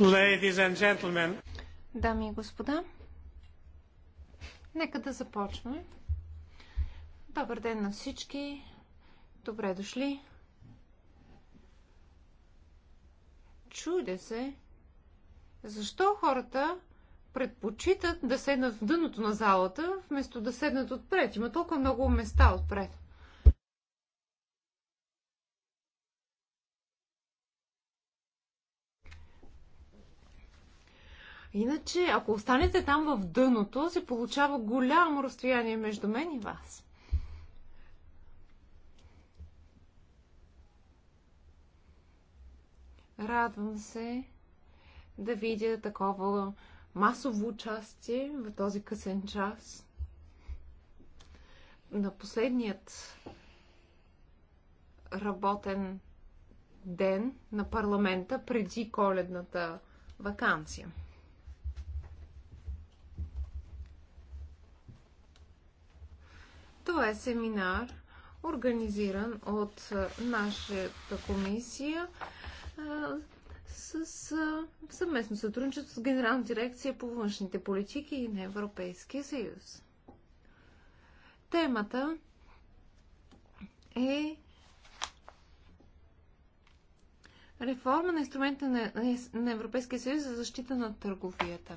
Ladies and gentlemen. Дами и господа, нека да започнем. Добър ден на всички. Добре дошли. Чуде се, защо хората предпочитат да седнат в дъното на залата, вместо да седнат отпред. Има толкова много места отпред. Иначе, ако останете там в дъното, се получава голямо разстояние между мен и вас. Радвам се да видя такова масово участие в този късен час. На последният работен ден на парламента преди коледната вакансия. Това е семинар, организиран от нашата комисия с съвместно сътрудничество с Генерална дирекция по външните политики и на Европейския съюз. Темата е реформа на инструмента на Европейския съюз за защита на търговията.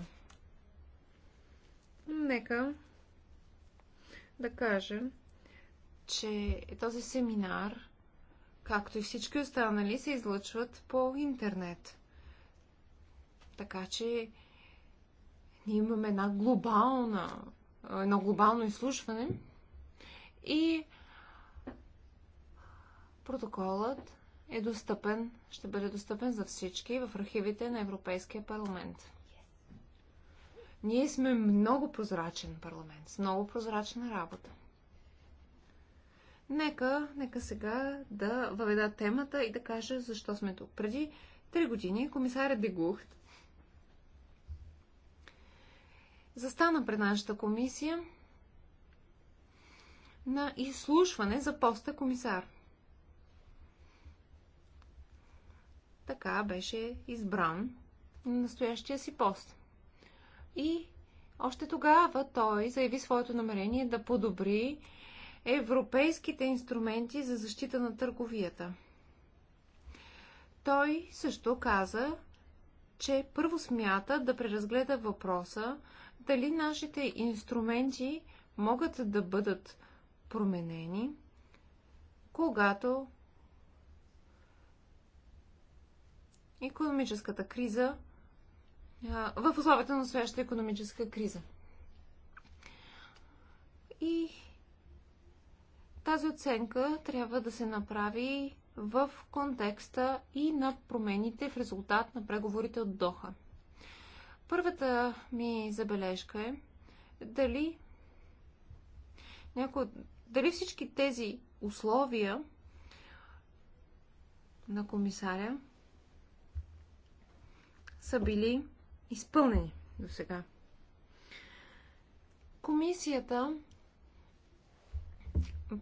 Нека да кажем, че този семинар, както и всички останали, се излъчват по интернет. Така че ние имаме една глобална, едно глобално изслушване и протоколът е достъпен, ще бъде достъпен за всички в архивите на Европейския парламент. Ние сме много прозрачен парламент, с много прозрачна работа. Нека, нека сега да въведа темата и да кажа защо сме тук. Преди три години комисаря Дегухт застана пред нашата комисия на изслушване за поста комисар. Така беше избран на настоящия си пост. И още тогава той заяви своето намерение да подобри европейските инструменти за защита на търговията. Той също каза, че първо смята да преразгледа въпроса дали нашите инструменти могат да бъдат променени, когато економическата криза в условията на настоящата економическа криза. И тази оценка трябва да се направи в контекста и на промените в резултат на преговорите от Доха. Първата ми забележка е дали, няко, дали всички тези условия на комисаря са били изпълнени до сега. Комисията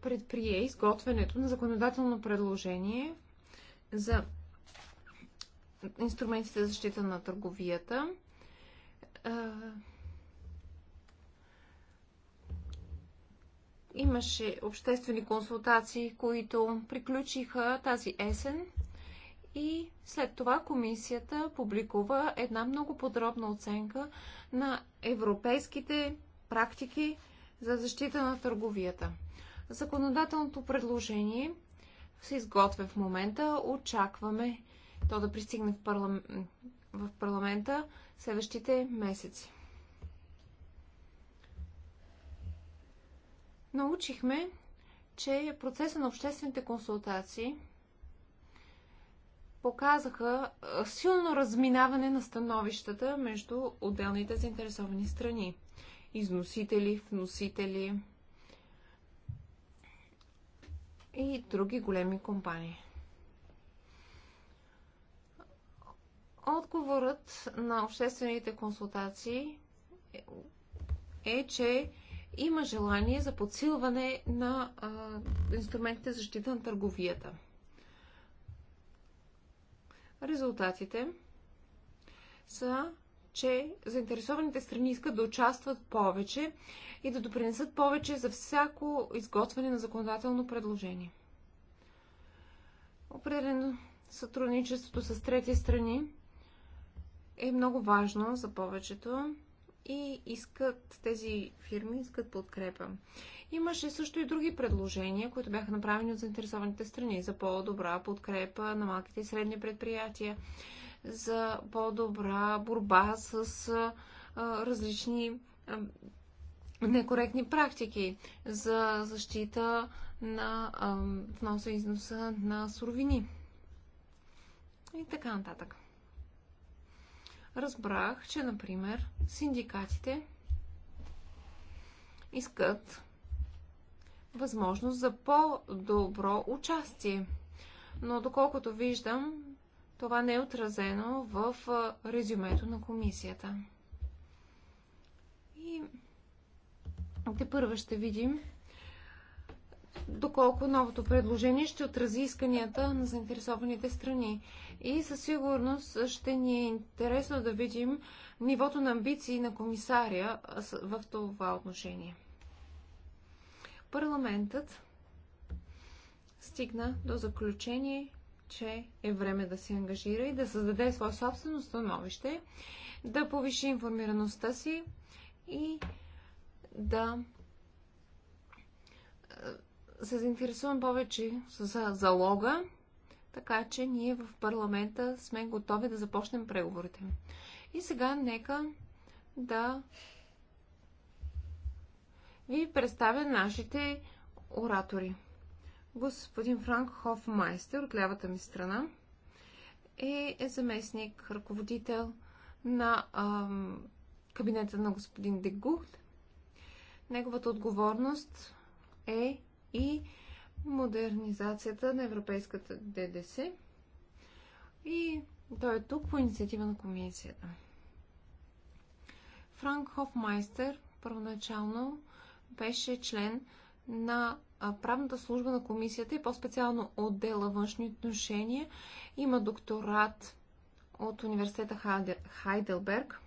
предприе изготвянето на законодателно предложение за инструментите за защита на търговията. Имаше обществени консултации, които приключиха тази есен и след това комисията публикува една много подробна оценка на европейските практики за защита на търговията. Законодателното предложение се изготвя в момента. Очакваме то да пристигне в, парлам... в парламента следващите месеци. Научихме, че процеса на обществените консултации – показаха силно разминаване на становищата между отделните заинтересовани страни. Износители, вносители и други големи компании. Отговорът на обществените консултации е, че има желание за подсилване на а, инструментите за защита на търговията – Резултатите са, че заинтересованите страни искат да участват повече и да допринесат повече за всяко изготвяне на законодателно предложение. Определено сътрудничеството с трети страни е много важно за повечето и искат тези фирми, искат подкрепа. Имаше също и други предложения, които бяха направени от заинтересованите страни за по-добра подкрепа на малките и средни предприятия, за по-добра борба с а, различни а, некоректни практики, за защита на вноса и износа на суровини и така нататък разбрах, че, например, синдикатите искат възможност за по-добро участие. Но доколкото виждам, това не е отразено в резюмето на комисията. И те първо ще видим доколко новото предложение ще отрази исканията на заинтересованите страни. И със сигурност ще ни е интересно да видим нивото на амбиции на комисаря в това отношение. Парламентът стигна до заключение, че е време да се ангажира и да създаде свое собствено становище, да повиши информираността си и да се заинтересувам повече за залога, така че ние в парламента сме готови да започнем преговорите. И сега нека да ви представя нашите оратори. Господин Франк Хофмайстер от лявата ми страна е заместник, ръководител на ам, кабинета на господин Дегухт. Неговата отговорност е и модернизацията на европейската ДДС. И той е тук по инициатива на комисията. Франк Хофмайстер първоначално беше член на правната служба на комисията и по-специално отдела външни отношения. Има докторат от университета Хайделберг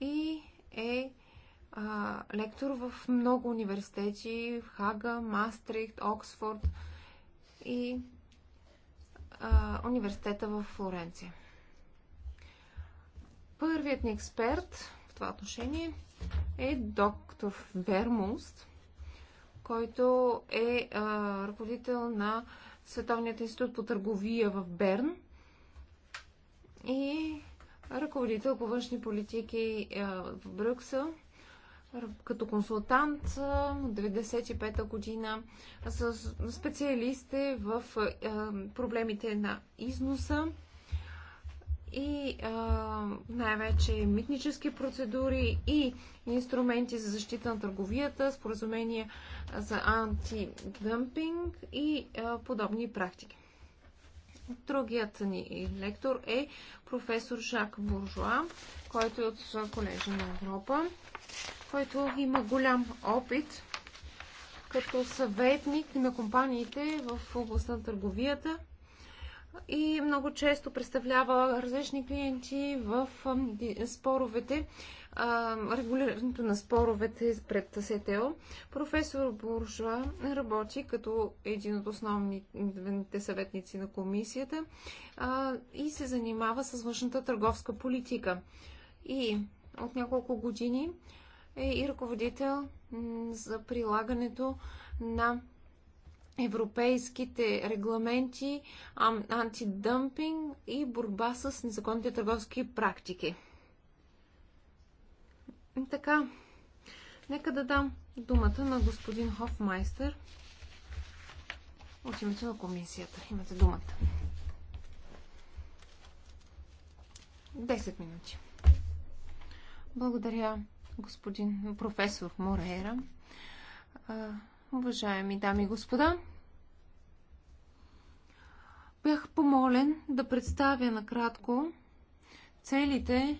и е а, лектор в много университети в Хага, Мастрихт, Оксфорд и а, университета в Флоренция. Първият ни експерт в това отношение е доктор Вермуст, който е а, ръководител на Световният институт по търговия в Берн и ръководител по външни политики а, в Брюксел като консултант от 1995 година с специалисти в проблемите на износа и най-вече митнически процедури и инструменти за защита на търговията, споразумения за антидъмпинг и подобни практики. Другият ни лектор е професор Жак Буржуа, който е от Колежа на Европа който има голям опит като съветник на компаниите в областта на търговията и много често представлява различни клиенти в споровете, регулирането на споровете пред СТО. Професор Буржуа работи като един от основните съветници на комисията и се занимава с външната търговска политика. И от няколко години е и ръководител за прилагането на европейските регламенти, антидъмпинг и борба с незаконните търговски практики. Така, нека да дам думата на господин Хофмайстер от името на комисията. Имате думата. 10 минути. Благодаря, господин професор Морера, уважаеми дами и господа, бях помолен да представя накратко целите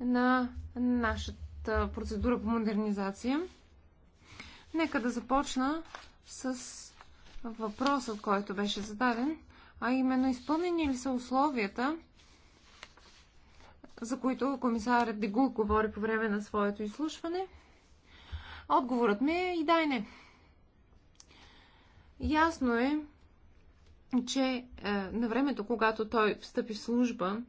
на нашата процедура по модернизация. Нека да започна с въпросът, който беше зададен, а именно изпълнени ли са условията за които комисарът Дегул говори по време на своето изслушване? Отговорът ми е и дай не. Ясно е, че е, на времето, когато той встъпи в служба,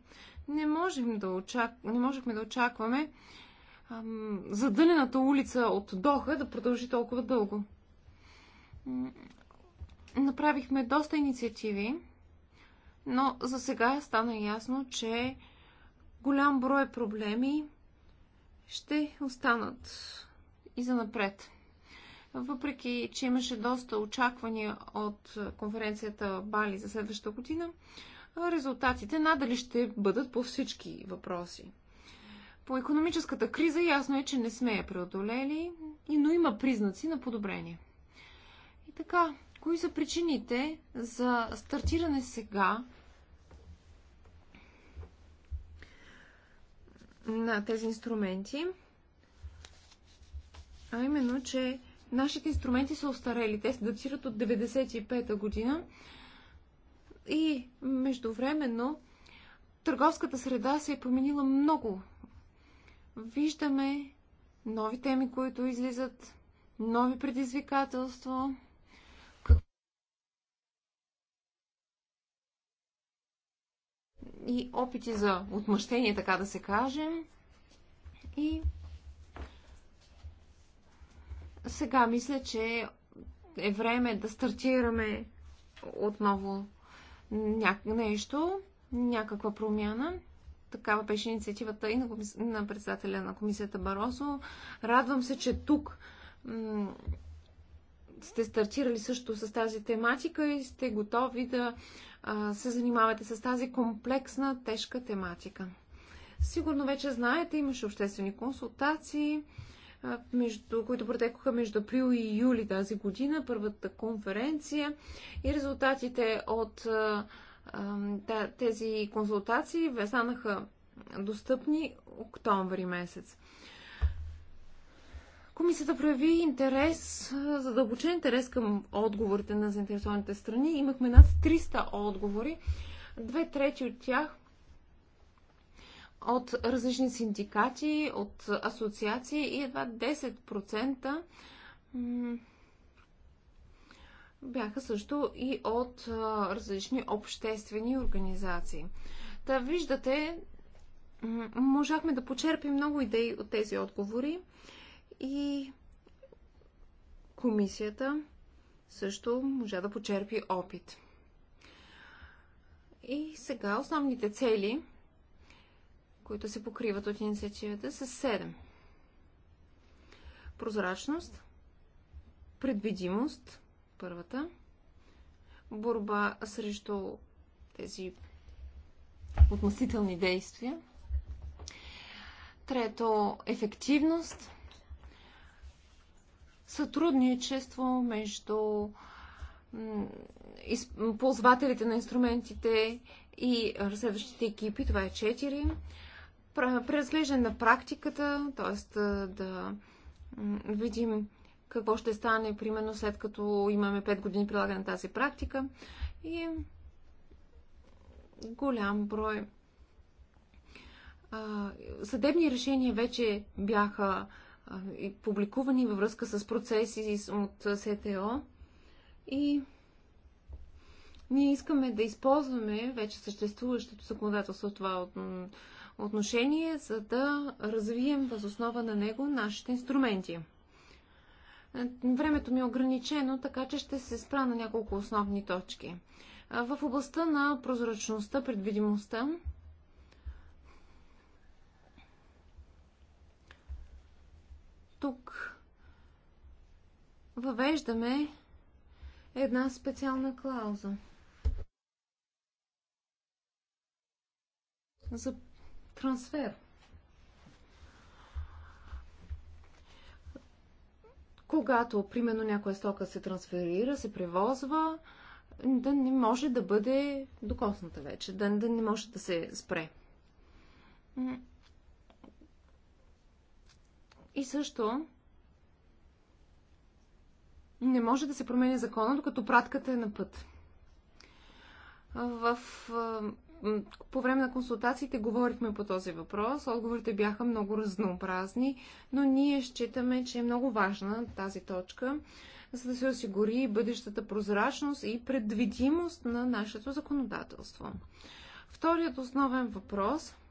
не, можем да очак... не можехме да очакваме е, задънената улица от Доха да продължи толкова дълго. Направихме доста инициативи, но за сега стана ясно, че голям брой проблеми ще останат и за напред. Въпреки, че имаше доста очаквания от конференцията Бали за следващата година, резултатите надали ще бъдат по всички въпроси. По економическата криза ясно е, че не сме я преодолели, но има признаци на подобрение. И така, кои са причините за стартиране сега на тези инструменти, а именно, че нашите инструменти са устарели, Те се датират от 95-та година и междувременно търговската среда се е променила много. Виждаме нови теми, които излизат, нови предизвикателства. и опити за отмъщение, така да се каже. И сега мисля, че е време да стартираме отново ня... нещо, някаква промяна. Такава беше инициативата и на, комис... на председателя на комисията Баросо. Радвам се, че тук сте стартирали също с тази тематика и сте готови да се занимавате с тази комплексна, тежка тематика. Сигурно вече знаете, имаше обществени консултации, между, които протекоха между април и юли тази година, първата конференция и резултатите от тези консултации станаха достъпни октомври месец. Комисията прояви интерес, задълбочен интерес към отговорите на заинтересованите страни. Имахме над 300 отговори. Две трети от тях от различни синдикати, от асоциации и едва 10% бяха също и от различни обществени организации. Та виждате, можахме да почерпим много идеи от тези отговори и комисията също може да почерпи опит. И сега основните цели, които се покриват от инициативата, са 7. Прозрачност, предвидимост, първата, борба срещу тези относителни действия. Трето, ефективност – сътрудничество между ползвателите на инструментите и разследващите екипи. Това е 4. Преразглеждане на практиката, т.е. да видим какво ще стане, примерно, след като имаме 5 години прилагане на тази практика. И голям брой съдебни решения вече бяха и публикувани във връзка с процеси от СТО. И ние искаме да използваме вече съществуващото законодателство в това отношение, за да развием въз основа на него нашите инструменти. Е, времето ми е ограничено, така че ще се спра на няколко основни точки. В областта на прозрачността, предвидимостта, тук въвеждаме една специална клауза. За трансфер. Когато, примерно, някоя стока се трансферира, се превозва, да не може да бъде докосната вече, да, да не може да се спре. И също не може да се променя закона, докато пратката е на път. В, по време на консултациите говорихме по този въпрос. Отговорите бяха много разнообразни, но ние считаме, че е много важна тази точка, за да се осигури бъдещата прозрачност и предвидимост на нашето законодателство. Вторият основен въпрос –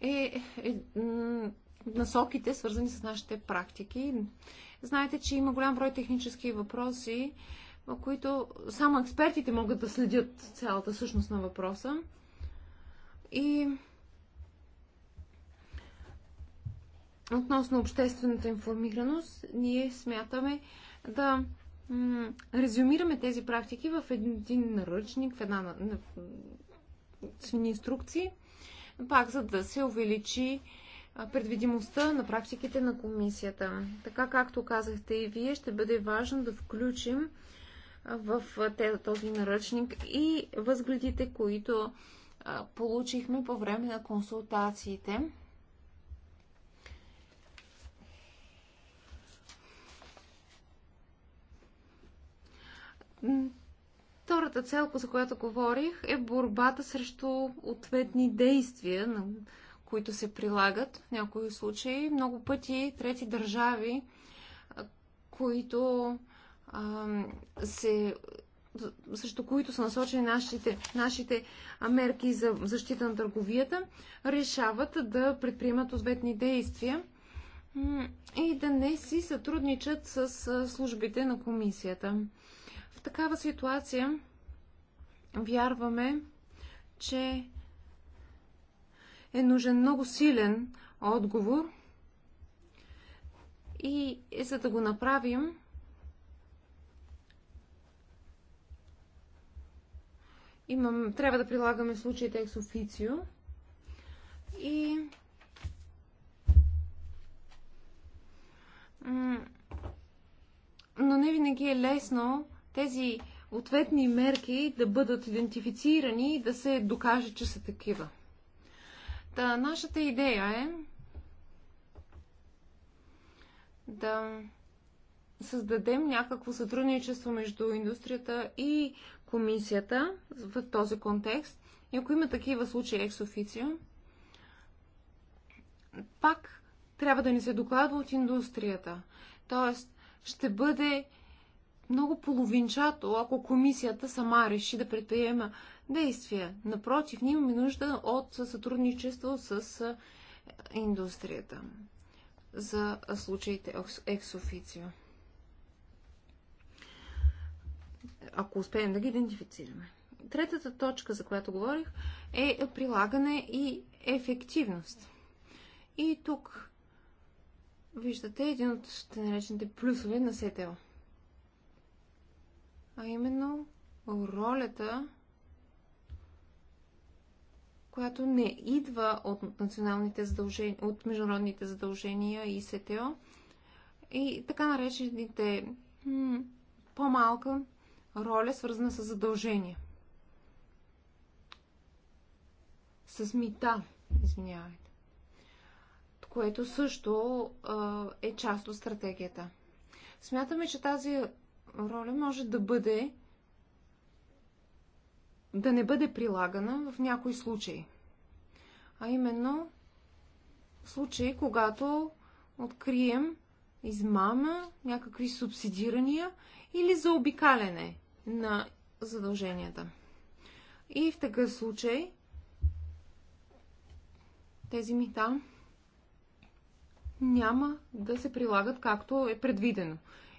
е, е насоките, свързани с нашите практики. Знаете, че има голям брой технически въпроси, които само експертите могат да следят цялата същност на въпроса. И относно обществената информираност, ние смятаме да резюмираме тези практики в един наръчник, в една инструкция. инструкции, пак за да се увеличи предвидимостта на практиките на комисията. Така както казахте и вие, ще бъде важно да включим в този наръчник и възгледите, които получихме по време на консултациите. Втората цел, за която говорих, е борбата срещу ответни действия, които се прилагат в някои случаи. Много пъти трети държави, които а, се срещу които са насочени нашите, нашите мерки за защита на търговията, решават да предприемат ответни действия и да не си сътрудничат с службите на комисията. В такава ситуация вярваме, че е нужен много силен отговор и е, за да го направим, имам, трябва да прилагаме случаите ex officio и но не винаги е лесно тези ответни мерки да бъдат идентифицирани и да се докаже, че са такива. Та, нашата идея е да създадем някакво сътрудничество между индустрията и комисията в този контекст. И ако има такива случаи ексофицио, пак трябва да ни се докладва от индустрията. Тоест, ще бъде много половинчато, ако комисията сама реши да предприема действия. Напротив, ние имаме нужда от сътрудничество с индустрията за случаите екс-официо. Ако успеем да ги идентифицираме. Третата точка, за която говорих, е прилагане и ефективност. И тук виждате един от наречените плюсове на СТО – а именно ролята, която не идва от националните задължения, от международните задължения и СТО и така наречените по-малка роля, свързана с задължения. С мита, извинявайте. Което също а, е част от стратегията. Смятаме, че тази роля може да бъде да не бъде прилагана в някой случай. А именно в случай, когато открием измама, някакви субсидирания или заобикаляне на задълженията. И в такъв случай тези мита няма да се прилагат както е предвидено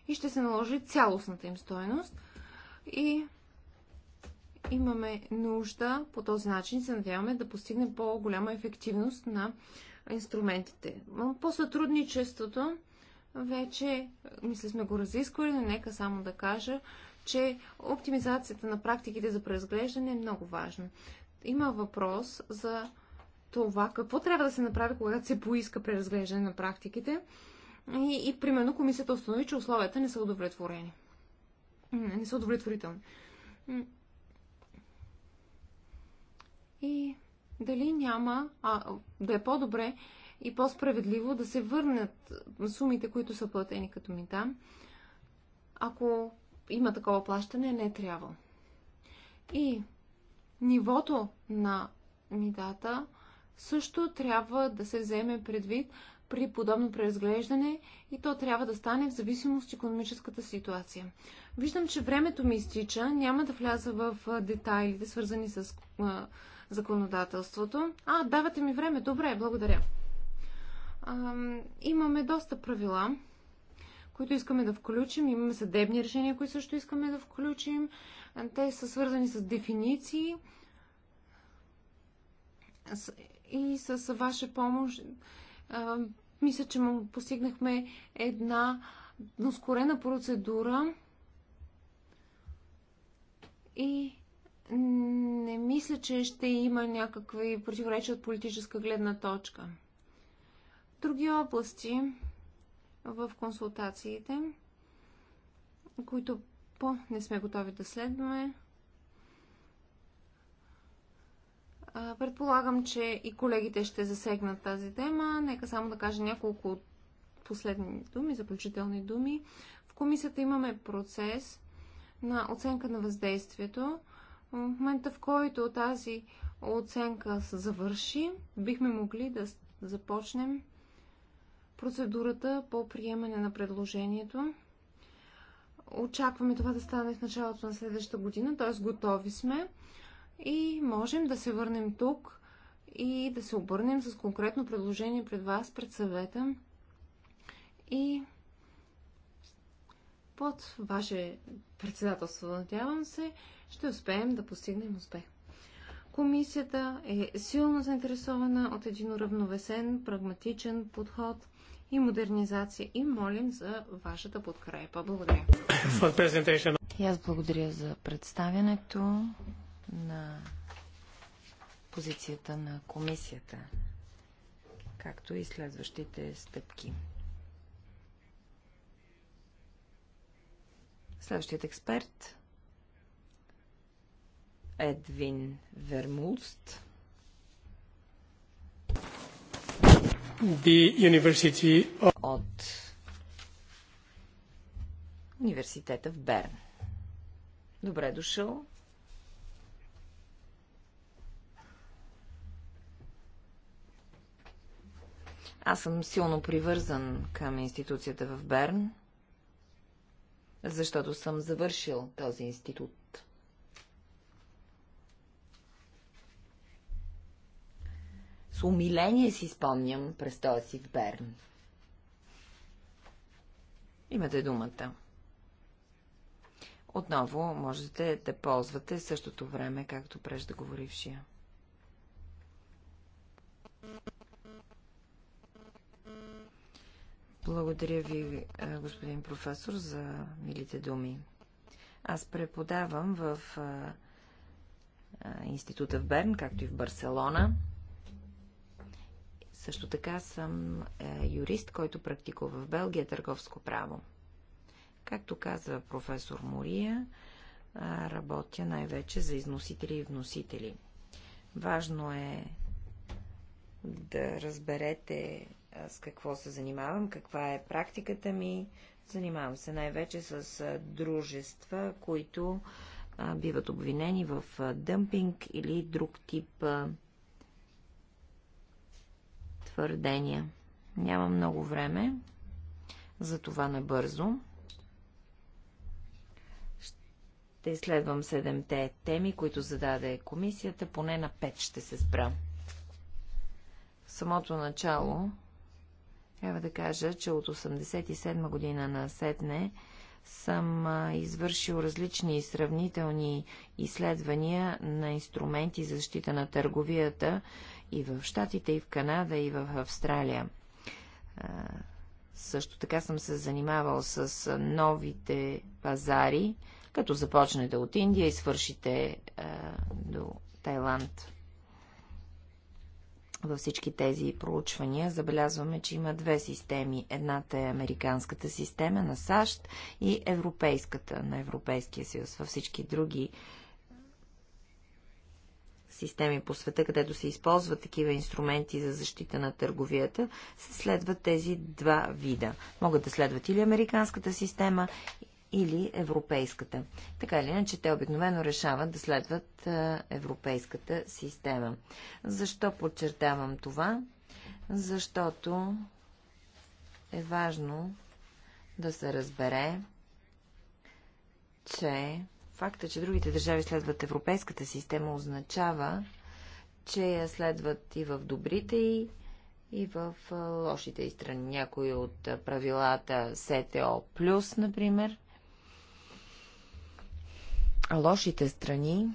и ще се наложи цялостната им стоеност. И имаме нужда по този начин, се надяваме да постигне по-голяма ефективност на инструментите. По сътрудничеството вече, мисля, сме го разисквали, но нека само да кажа, че оптимизацията на практиките за преразглеждане е много важна. Има въпрос за това какво трябва да се направи, когато се поиска преразглеждане на практиките. И, и примерно комисията установи, че условията не са удовлетворени. Не, не са удовлетворителни. И дали няма а, да е по-добре и по-справедливо да се върнат сумите, които са платени като мита, ако има такова плащане, не е трябва. И нивото на митата също трябва да се вземе предвид при подобно преразглеждане и то трябва да стане в зависимост от економическата ситуация. Виждам, че времето ми изтича. Няма да вляза в детайлите, свързани с законодателството. А, давате ми време. Добре, благодаря. А, имаме доста правила, които искаме да включим. Имаме съдебни решения, които също искаме да включим. Те са свързани с дефиниции и с ваша помощ мисля, че постигнахме една ускорена процедура и не мисля, че ще има някакви противоречия от политическа гледна точка. Други области в консултациите, които по не сме готови да следваме, Предполагам, че и колегите ще засегнат тази тема. Нека само да кажа няколко последни думи, заключителни думи. В комисията имаме процес на оценка на въздействието. В момента, в който тази оценка се завърши, бихме могли да започнем процедурата по приемане на предложението. Очакваме това да стане в началото на следващата година, т.е. готови сме. И можем да се върнем тук и да се обърнем с конкретно предложение пред вас, пред съвета и под ваше председателство, надявам се, ще успеем да постигнем успех. Комисията е силно заинтересована от един уравновесен, прагматичен подход и модернизация и молим за вашата подкрепа. Благодаря. И аз благодаря за представянето на позицията на комисията, както и следващите стъпки. Следващият експерт Едвин Вермулст. Of... От университета в Берн. Добре дошъл. Аз съм силно привързан към институцията в Берн, защото съм завършил този институт. С умиление си спомням този си в Берн. Имате думата. Отново можете да ползвате същото време, както преждеговорившия. Благодаря ви, господин професор, за милите думи. Аз преподавам в института в Берн, както и в Барселона. Също така съм е, юрист, който практикува в Белгия търговско право. Както каза професор Мория, работя най-вече за износители и вносители. Важно е да разберете с какво се занимавам, каква е практиката ми. Занимавам се най-вече с дружества, които биват обвинени в дъмпинг или друг тип твърдения. Няма много време, за това набързо. Ще изследвам седемте теми, които зададе комисията, поне на пет ще се спра. В самото начало трябва да кажа, че от 1987 година на Сетне съм извършил различни сравнителни изследвания на инструменти за защита на търговията и в Штатите, и в Канада, и в Австралия. Също така съм се занимавал с новите пазари, като започнете от Индия и свършите до Тайланд във всички тези проучвания забелязваме, че има две системи. Едната е американската система на САЩ и европейската на Европейския съюз. Във всички други системи по света, където се използват такива инструменти за защита на търговията, се следват тези два вида. Могат да следват или американската система, или европейската. Така или иначе, те обикновено решават да следват европейската система. Защо подчертавам това? Защото е важно да се разбере, че факта, че другите държави следват европейската система, означава, че я следват и в добрите и, и в лошите и страни. Някои от правилата СТО+, например, а лошите страни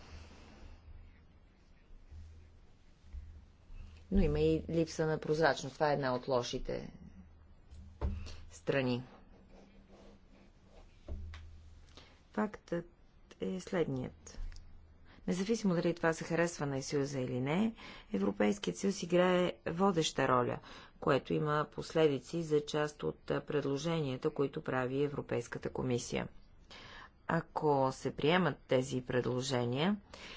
но има и липса на прозрачност. Това е една от лошите страни. Фактът е следният. Независимо дали това се харесва на Съюза или не, Европейският съюз играе водеща роля, което има последици за част от предложенията, които прави Европейската комисия. Ако се приемат тези предложения,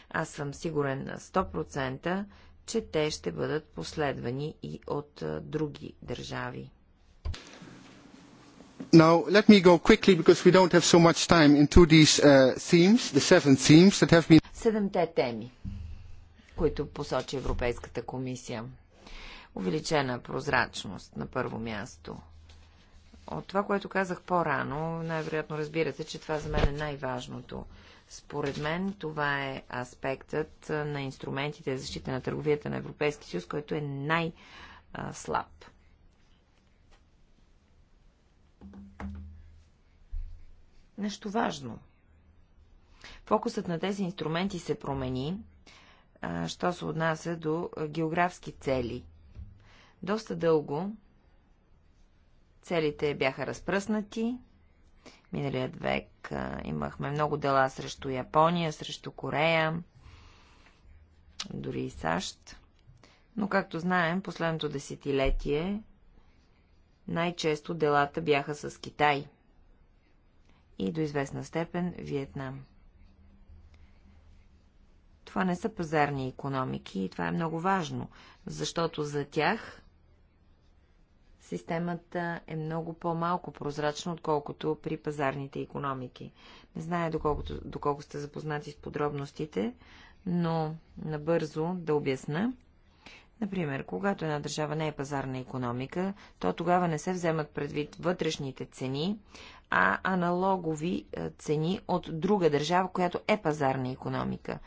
аз съм сигурен на 100%, че те ще бъдат последвани и от други държави. Now, let me go quickly, because we don't have so much time, into these uh, themes, the seven themes that have been... Седемте теми, които посочи Европейската комисия. Увеличена прозрачност на първо място. От това, което казах по-рано, най-вероятно разбирате, че това за мен е най-важното. Според мен това е аспектът на инструментите за защита на търговията на Европейски съюз, който е най-слаб. Нещо важно. Фокусът на тези инструменти се промени, що се отнася до географски цели. Доста дълго Целите бяха разпръснати. Миналият век имахме много дела срещу Япония, срещу Корея, дори и САЩ. Но, както знаем, последното десетилетие най-често делата бяха с Китай и до известна степен Виетнам. Това не са пазарни економики и това е много важно, защото за тях системата е много по-малко прозрачна, отколкото при пазарните економики. Не зная доколко, доколко сте запознати с подробностите, но набързо да обясна. Например, когато една държава не е пазарна економика, то тогава не се вземат предвид вътрешните цени, а аналогови е, цени от друга държава, която е пазарна економика.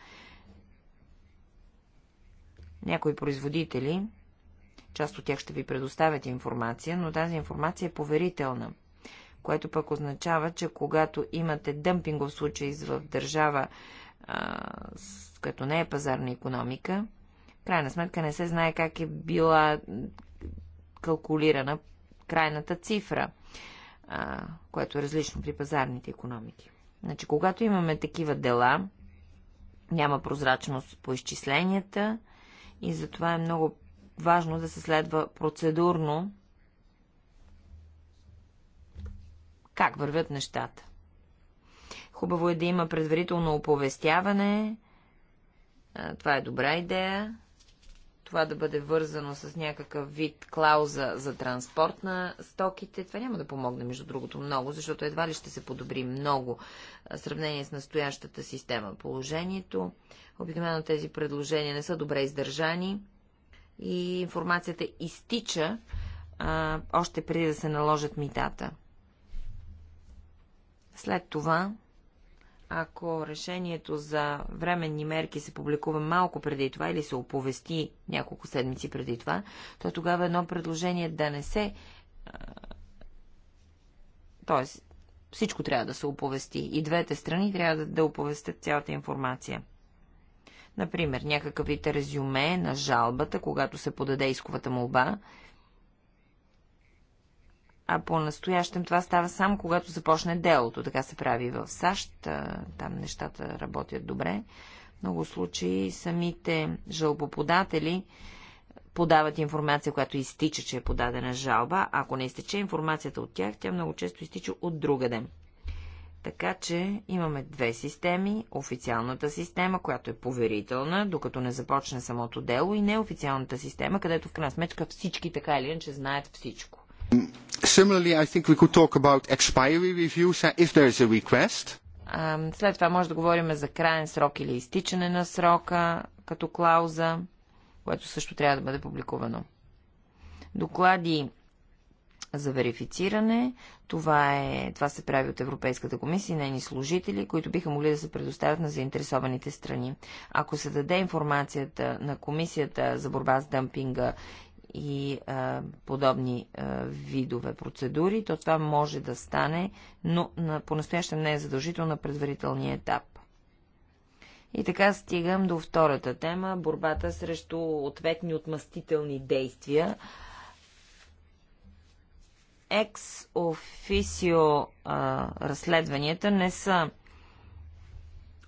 Някои производители Част от тях ще ви предоставят информация, но тази информация е поверителна, което пък означава, че когато имате дъмпингов случай в държава, а, като не е пазарна економика, крайна сметка не се знае как е била калкулирана крайната цифра, а, което е различно при пазарните економики. Значи, когато имаме такива дела, няма прозрачност по изчисленията и затова е много важно да се следва процедурно как вървят нещата. Хубаво е да има предварително оповестяване. Това е добра идея. Това да бъде вързано с някакъв вид клауза за транспорт на стоките. Това няма да помогне, между другото, много, защото едва ли ще се подобри много в сравнение с настоящата система. Положението. Обикновено тези предложения не са добре издържани и информацията изтича а, още преди да се наложат митата. След това, ако решението за временни мерки се публикува малко преди това или се оповести няколко седмици преди това, то тогава едно предложение да не се. А, тоест, всичко трябва да се оповести. И двете страни трябва да, да оповестят цялата информация. Например, някакъв вид резюме на жалбата, когато се подаде исковата молба. А по-настоящем това става само когато започне делото. Така се прави в САЩ. Там нещата работят добре. В много случаи самите жалбоподатели подават информация, която изтича, че е подадена жалба. Ако не изтече информацията от тях, тя много често изтича от другаде. Така че имаме две системи. Официалната система, която е поверителна, докато не започне самото дело, и неофициалната система, където в крайна сметка всички така или иначе знаят всичко. Similarly, I think we could talk about expiry reviews uh, if there is a request. След това може да говорим за крайен срок или изтичане на срока като клауза, което също трябва да бъде публикувано. Доклади за верифициране. Това, е, това се прави от Европейската комисия и нейни служители, които биха могли да се предоставят на заинтересованите страни. Ако се даде информацията на комисията за борба с дъмпинга и а, подобни а, видове процедури, то това може да стане, но на, по-настоящем не е задължително на предварителния етап. И така стигам до втората тема борбата срещу ответни отмъстителни действия екс-офисио разследванията не са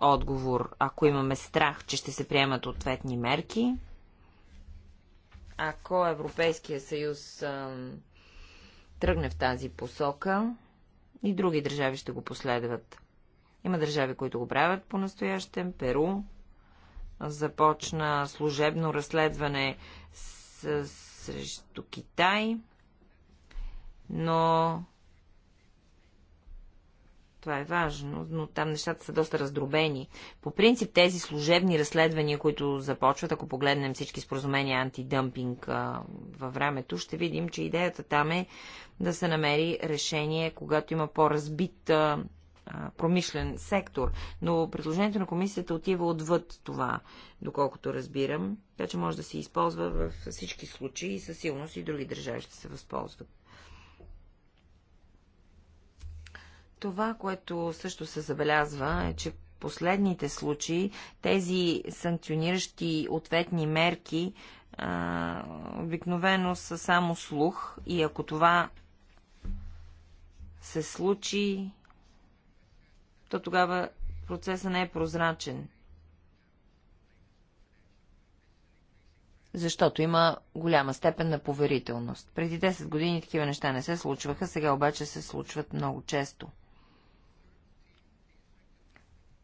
отговор, ако имаме страх, че ще се приемат ответни мерки. Ако Европейския съюз а, тръгне в тази посока, и други държави ще го последват. Има държави, които го правят по-настоящем. Перу започна служебно разследване с, срещу Китай но това е важно, но там нещата са доста раздробени. По принцип тези служебни разследвания, които започват, ако погледнем всички споразумения антидъмпинг а, във времето, ще видим, че идеята там е да се намери решение, когато има по-разбит промишлен сектор. Но предложението на комисията отива отвъд това, доколкото разбирам, така че може да се използва във всички случаи и със сигурност и други държави ще се възползват. Това, което също се забелязва, е, че последните случаи тези санкциониращи ответни мерки а, обикновено са само слух и ако това се случи, то тогава процесът не е прозрачен. Защото има голяма степен на поверителност. Преди 10 години такива неща не се случваха, сега обаче се случват много често.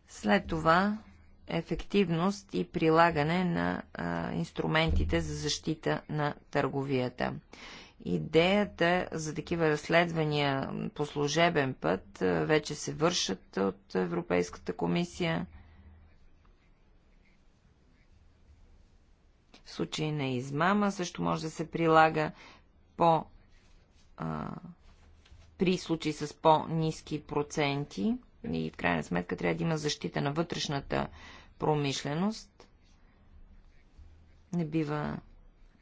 След това ефективност и прилагане на а, инструментите за защита на търговията. Идеята за такива разследвания по служебен път вече се вършат от Европейската комисия. В случай на измама също може да се прилага по, а, при случаи с по-низки проценти. И в крайна сметка трябва да има защита на вътрешната промишленост. Не бива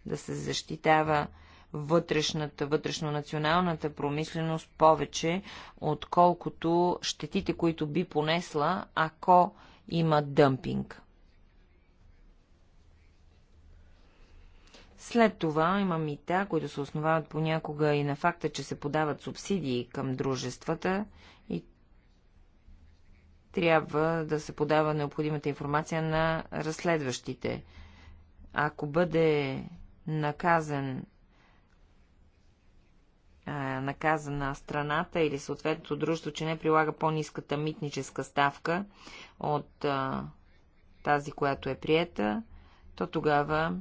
да се защитава вътрешната, вътрешно-националната промишленост повече, отколкото щетите, които би понесла, ако има дъмпинг. След това има мита, които се основават понякога и на факта, че се подават субсидии към дружествата трябва да се подава необходимата информация на разследващите. Ако бъде наказан наказана страната или съответното дружество, че не прилага по-низката митническа ставка от а, тази, която е приета, то тогава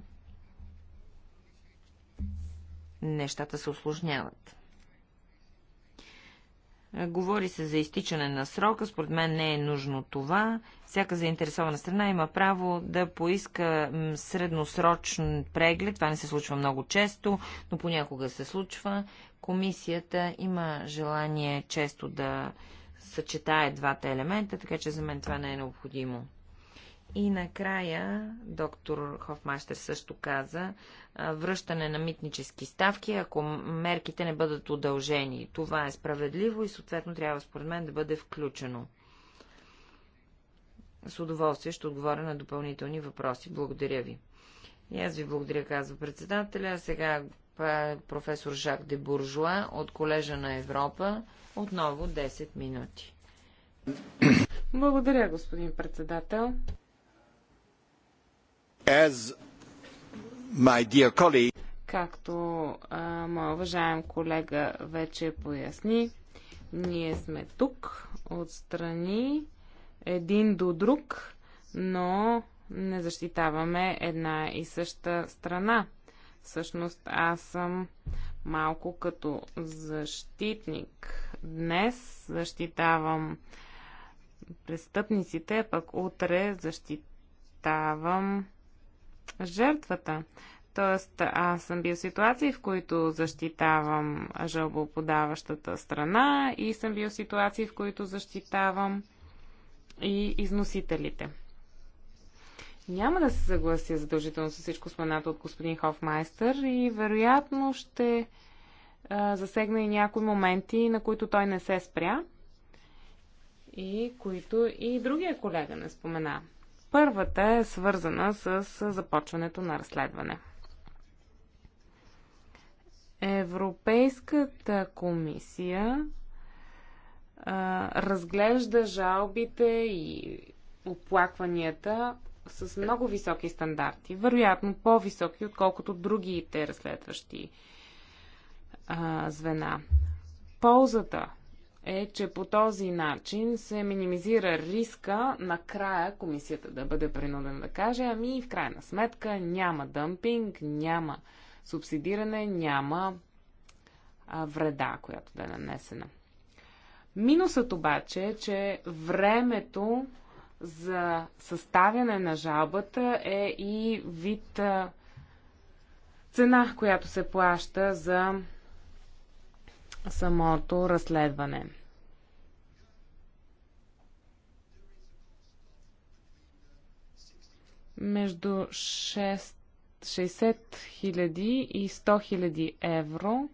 нещата се осложняват. Говори се за изтичане на срока, според мен не е нужно това. Всяка заинтересована страна има право да поиска средносрочен преглед. Това не се случва много често, но понякога се случва. Комисията има желание често да съчетае двата елемента, така че за мен това не е необходимо. И накрая, доктор Хофмайстер също каза, връщане на митнически ставки, ако мерките не бъдат удължени. Това е справедливо и съответно трябва според мен да бъде включено. С удоволствие ще отговоря на допълнителни въпроси. Благодаря ви. И аз ви благодаря, казва председателя. Сега професор Жак де Буржуа от Колежа на Европа. Отново 10 минути. Благодаря, господин председател. As my dear colleague... Както а, моя уважаем колега вече поясни, ние сме тук, отстрани, един до друг, но не защитаваме една и съща страна. Всъщност аз съм малко като защитник. Днес защитавам престъпниците, пък утре защитавам жертвата. Тоест, аз съм бил в ситуации, в които защитавам жалбоподаващата страна и съм бил в ситуации, в които защитавам и износителите. Няма да се съглася задължително с всичко споменато от господин Хофмайстър и вероятно ще засегна и някои моменти, на които той не се спря и които и другия колега не спомена. Първата е свързана с започването на разследване. Европейската комисия а, разглежда жалбите и оплакванията с много високи стандарти, вероятно по-високи, отколкото другите разследващи а, звена. Ползата е, че по този начин се минимизира риска накрая комисията да бъде принудена да каже, ами в крайна сметка няма дъмпинг, няма субсидиране, няма а, вреда, която да е нанесена. Минусът обаче е, че времето за съставяне на жалбата е и вид а, цена, която се плаща за самото разследване. Между 6, 60 000 и 100 000 евро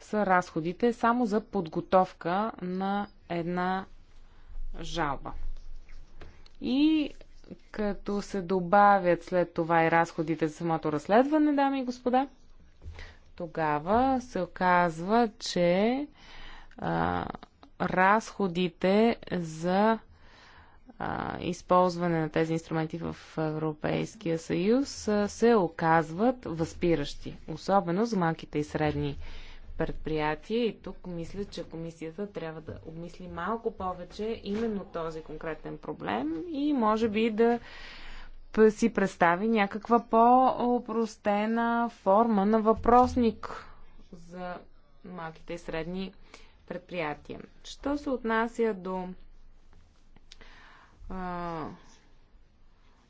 са разходите само за подготовка на една жалба. И като се добавят след това и разходите за самото разследване, дами и господа, тогава се оказва, че а, разходите за а, използване на тези инструменти в Европейския съюз а, се оказват възпиращи, особено за малките и средни предприятия. И тук мисля, че комисията трябва да обмисли малко повече именно този конкретен проблем и може би да си представи някаква по-опростена форма на въпросник за малките и средни предприятия. Що се отнася до а,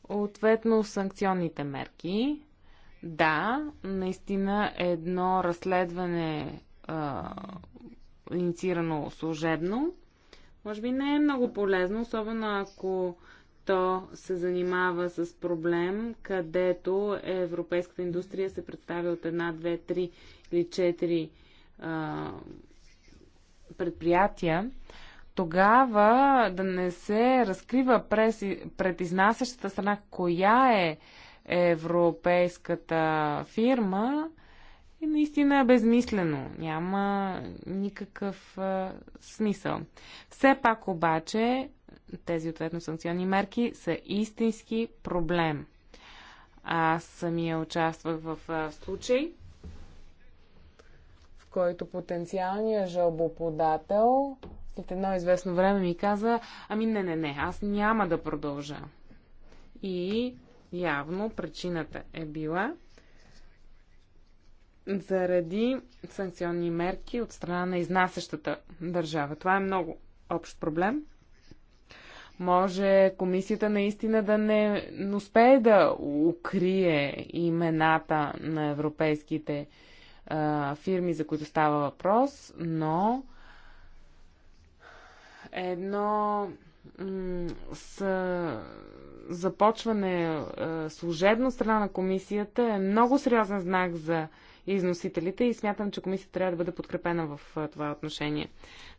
ответно санкционните мерки, да, наистина едно разследване а, инициирано служебно, може би не е много полезно, особено ако то се занимава с проблем, където европейската индустрия се представя от една, две, три или четири а, предприятия, тогава да не се разкрива през, пред изнасящата страна коя е европейската фирма, и наистина е безмислено. Няма никакъв а, смисъл. Все пак обаче тези ответно санкционни мерки са истински проблем. Аз самия участвах в а, случай, в който потенциалният жалбоподател след едно известно време ми каза, ами не, не, не, аз няма да продължа. И явно причината е била заради санкционни мерки от страна на изнасящата държава. Това е много общ проблем. Може комисията наистина да не успее да укрие имената на европейските а, фирми, за които става въпрос, но едно с започване служебно страна на комисията е много сериозен знак за износителите и смятам, че комисията трябва да бъде подкрепена в това отношение.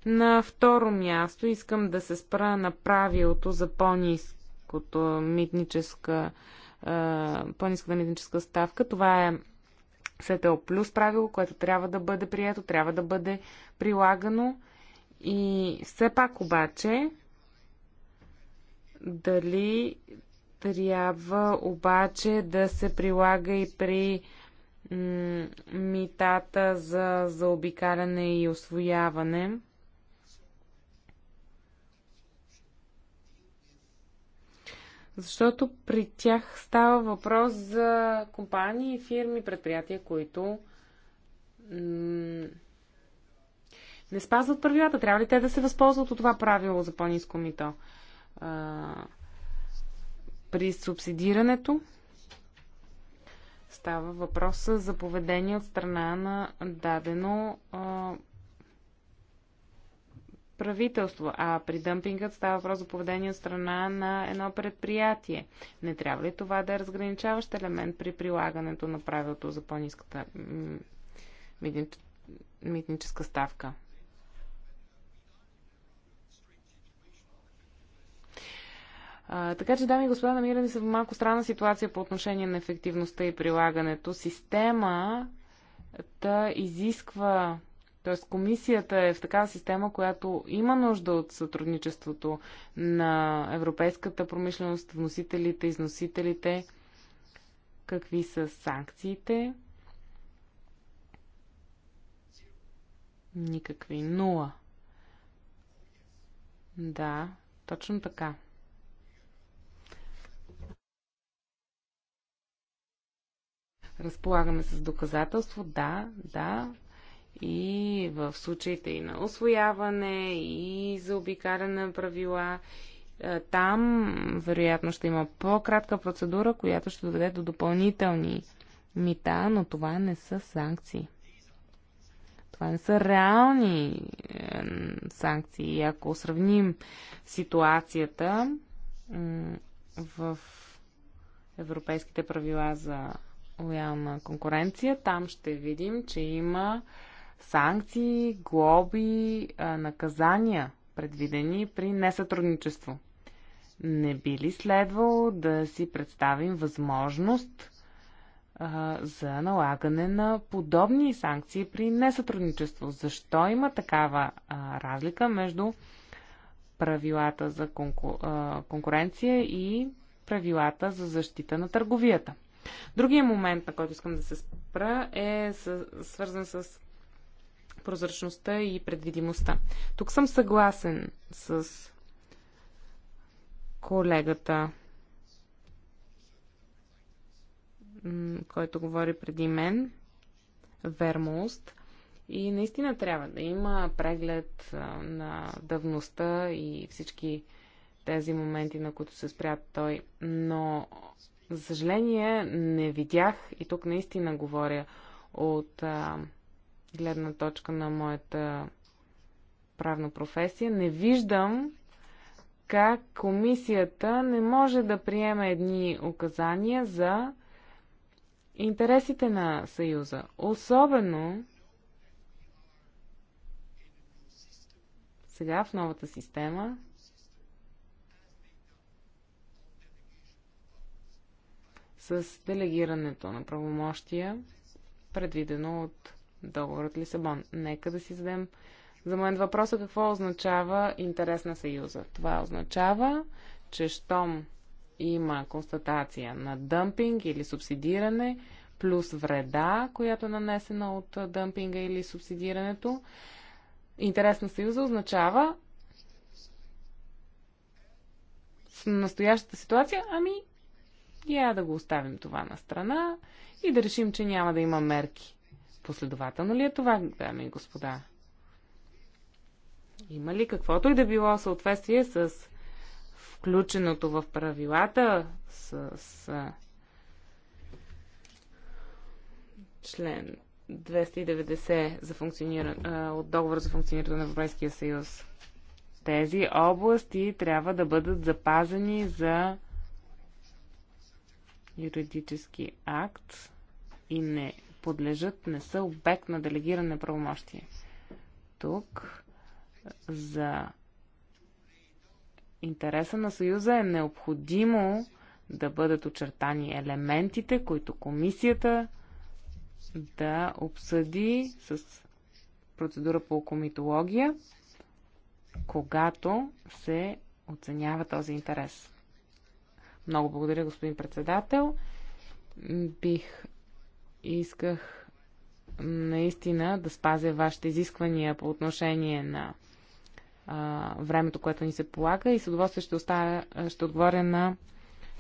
На второ място искам да се спра на правилото за по-низкото митническа, е, по-низката митническа ставка. Това е СТО плюс правило, което трябва да бъде прието, трябва да бъде прилагано. И все пак обаче, дали трябва обаче да се прилага и при митата за заобикаляне и освояване. Защото при тях става въпрос за компании, фирми, предприятия, които не спазват правилата. Трябва ли те да се възползват от това правило за по-низко мито? при субсидирането става въпроса за поведение от страна на дадено а, правителство, а при дъмпингът става въпрос за поведение от страна на едно предприятие. Не трябва ли това да е разграничаващ елемент при прилагането на правилото за по-низката митническа ставка? А, така че, дами и господа, намираме се в малко странна ситуация по отношение на ефективността и прилагането. Система изисква Тоест комисията е в такава система, която има нужда от сътрудничеството на европейската промишленост, вносителите, износителите, какви са санкциите. Никакви. Нула. Да, точно така. Разполагаме с доказателство. Да, да, и в случаите и на освояване, и за обикаране на правила. Е, там, вероятно, ще има по-кратка процедура, която ще доведе до допълнителни мита, но това не са санкции. Това не са реални е, санкции. ако сравним ситуацията в европейските правила за лоялна конкуренция, там ще видим, че има санкции, глоби, наказания, предвидени при несътрудничество. Не би ли следвало да си представим възможност за налагане на подобни санкции при несътрудничество. Защо има такава разлика между правилата за конкуренция и правилата за защита на търговията? Другия момент, на който искам да се спра, е свързан с прозрачността и предвидимостта. Тук съм съгласен с колегата, който говори преди мен, Вермост. И наистина трябва да има преглед на давността и всички тези моменти, на които се спря той. Но, за съжаление, не видях, и тук наистина говоря от а, гледна точка на моята правна професия, не виждам как комисията не може да приеме едни указания за интересите на Съюза. Особено сега в новата система с делегирането на правомощия, предвидено от договор от Лисабон. Нека да си зададем за момент въпроса какво означава интерес на Съюза. Това означава, че щом има констатация на дъмпинг или субсидиране, плюс вреда, която е нанесена от дъмпинга или субсидирането, интерес на Съюза означава в настоящата ситуация, ами я да го оставим това на страна и да решим, че няма да има мерки Последователно ли е това, дами и господа? Има ли каквото и да било съответствие с включеното в правилата, с, с член 290 за от договор за функционирането на Европейския съюз? Тези области трябва да бъдат запазени за юридически акт и не подлежат, не са обект на делегиране правомощие. Тук за интереса на Съюза е необходимо да бъдат очертани елементите, които комисията да обсъди с процедура по комитология, когато се оценява този интерес. Много благодаря, господин председател. Бих исках наистина да спазя вашите изисквания по отношение на а, времето, което ни се полага и с удоволствие ще, оставя, ще отговоря на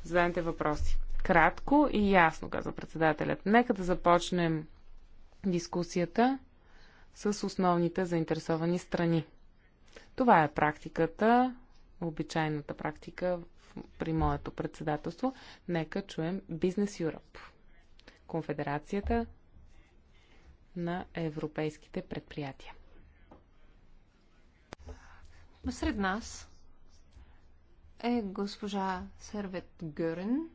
зададените въпроси. Кратко и ясно, казва председателят. Нека да започнем дискусията с основните заинтересовани страни. Това е практиката, обичайната практика при моето председателство. Нека чуем Бизнес Юрап. Конфедерацията на европейските предприятия. Сред нас е госпожа Сервет Гюрен,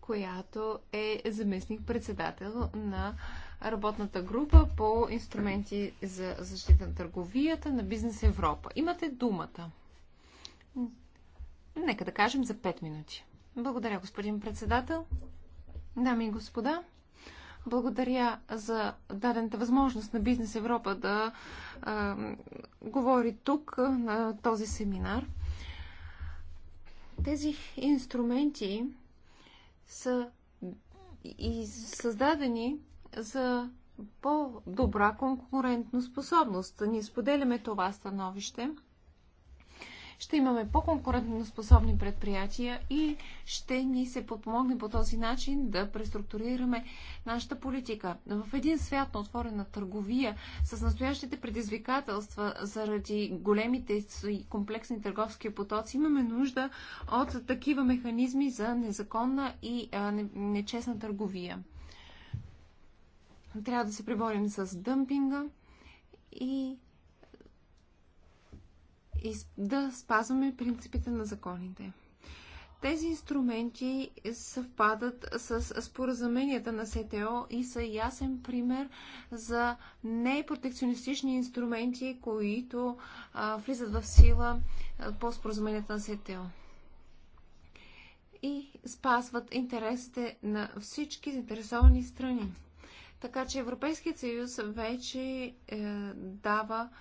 която е заместник-председател на работната група по инструменти за защита на търговията на Бизнес Европа. Имате думата. Нека да кажем за 5 минути. Благодаря, господин председател. Дами и господа, благодаря за дадената възможност на Бизнес Европа да а, говори тук на този семинар. Тези инструменти са и създадени за по-добра конкурентно способност. Ние споделяме това становище ще имаме по-конкурентно способни предприятия и ще ни се подпомогне по този начин да преструктурираме нашата политика. В един свят на отворена търговия с настоящите предизвикателства заради големите и комплексни търговски потоци имаме нужда от такива механизми за незаконна и нечестна търговия. Трябва да се приборим с дъмпинга и и да спазваме принципите на законите. Тези инструменти съвпадат с споразуменията на СТО и са ясен пример за непротекционистични инструменти, които а, влизат в сила по споразуменията на СТО. И спазват интересите на всички заинтересовани страни. Така че Европейският съюз вече е, дава е,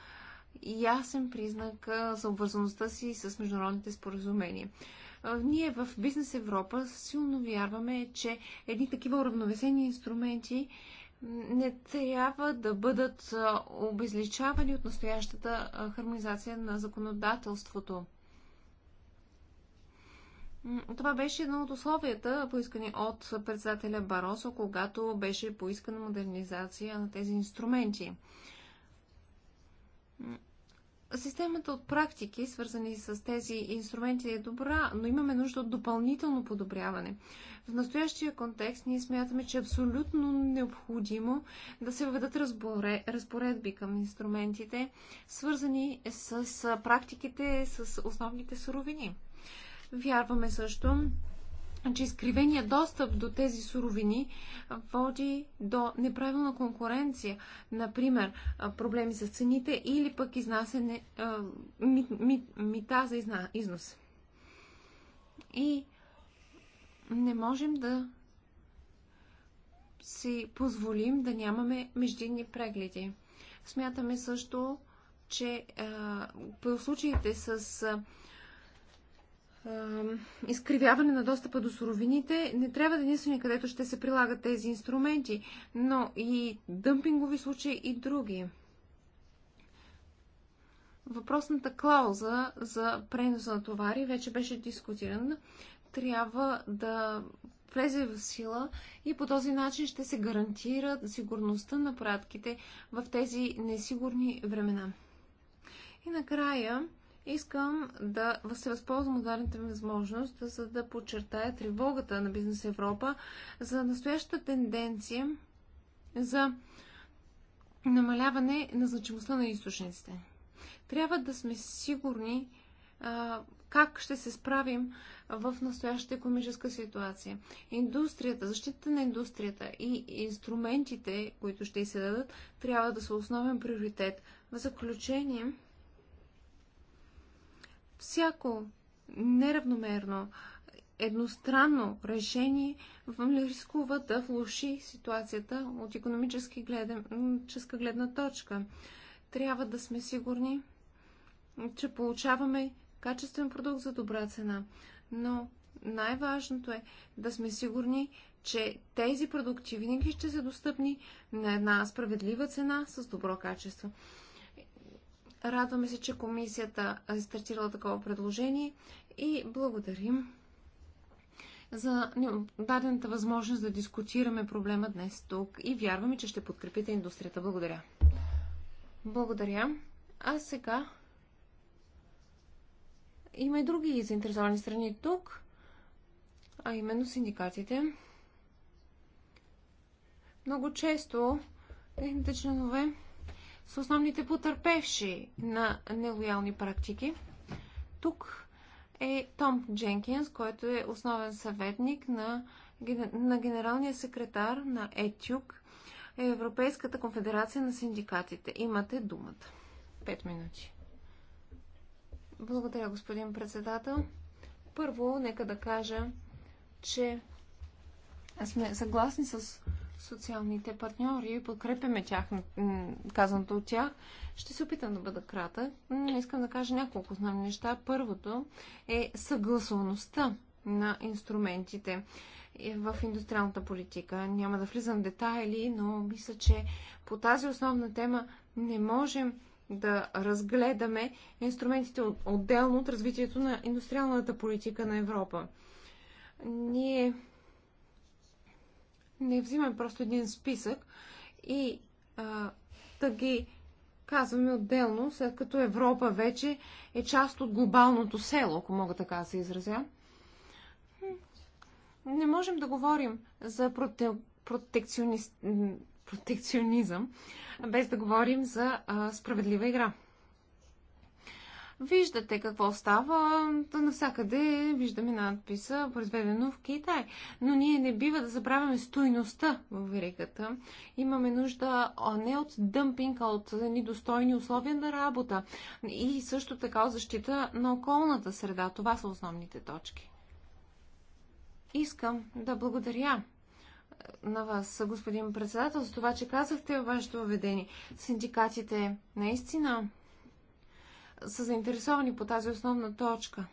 ясен признак за обвързаността си с международните споразумения. Ние в Бизнес Европа силно вярваме, че едни такива уравновесени инструменти не трябва да бъдат обезличавани от настоящата хармонизация на законодателството. Това беше едно от условията, поискани от председателя Баросо, когато беше поискана модернизация на тези инструменти. Системата от практики, свързани с тези инструменти, е добра, но имаме нужда от допълнително подобряване. В настоящия контекст ние смятаме, че е абсолютно необходимо да се въведат разпоредби към инструментите, свързани с практиките, с основните суровини. Вярваме също, че изкривения достъп до тези суровини води до неправилна конкуренция. Например, проблеми с цените или пък изнасене, мита за износ. И не можем да си позволим да нямаме междинни прегледи. Смятаме също, че по случаите с изкривяване на достъпа до суровините не трябва да единствено където ще се прилагат тези инструменти, но и дъмпингови случаи и други. Въпросната клауза за преноса на товари вече беше дискутирана. Трябва да влезе в сила и по този начин ще се гарантира сигурността на пратките в тези несигурни времена. И накрая, Искам да се възползвам от дадената ми възможност, за да подчертая тревогата на Бизнес Европа за настоящата тенденция за намаляване на значимостта на източниците. Трябва да сме сигурни а, как ще се справим в настоящата економическа ситуация. Индустрията, защитата на индустрията и инструментите, които ще й се дадат, трябва да са основен приоритет. В заключение, всяко неравномерно едностранно решение рискува да влуши ситуацията от економически гледна, економическа гледна точка. Трябва да сме сигурни, че получаваме качествен продукт за добра цена. Но най-важното е да сме сигурни, че тези продукти винаги ще са достъпни на една справедлива цена с добро качество. Радваме се, че комисията е стартирала такова предложение и благодарим за дадената възможност да дискутираме проблема днес тук и вярваме, че ще подкрепите индустрията. Благодаря. Благодаря. А сега има и други заинтересовани страни тук, а именно синдикатите. Много често техните членове с основните потърпевши на нелоялни практики. Тук е Том Дженкинс, който е основен съветник на, на генералния секретар на ЕТЮК, Европейската конфедерация на синдикатите. Имате думата. Пет минути. Благодаря, господин председател. Първо, нека да кажа, че сме съгласни с социалните партньори. Подкрепяме тях, казаното от тях. Ще се опитам да бъда крата. Искам да кажа няколко основни неща. Първото е съгласуваността на инструментите в индустриалната политика. Няма да влизам в детайли, но мисля, че по тази основна тема не можем да разгледаме инструментите отделно от развитието на индустриалната политика на Европа. Ние не взимаме просто един списък и а, да ги казваме отделно, след като Европа вече е част от глобалното село, ако мога така се изразя. Не можем да говорим за проте... протекционист... протекционизъм, без да говорим за а, справедлива игра. Виждате какво става. Навсякъде виждаме надписа, произведено в Китай. Но ние не бива да забравяме стойността в веригата. Имаме нужда не от дъмпинг, а от недостойни условия на работа. И също така защита на околната среда. Това са основните точки. Искам да благодаря е, на вас, господин председател, за това, че казахте във вашето въведение. Синдикатите наистина са заинтересовани по тази основна точка.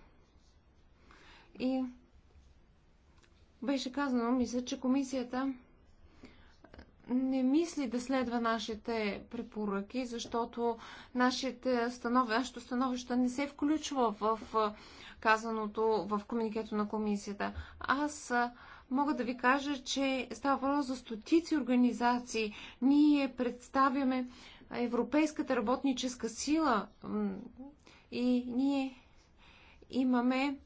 И беше казано, мисля, че комисията не мисли да следва нашите препоръки, защото нашите станов... нашето становище не се включва в казаното в комуникето на комисията. Аз мога да ви кажа, че става въпрос за стотици организации. Ние представяме европейската работническа сила и ние имаме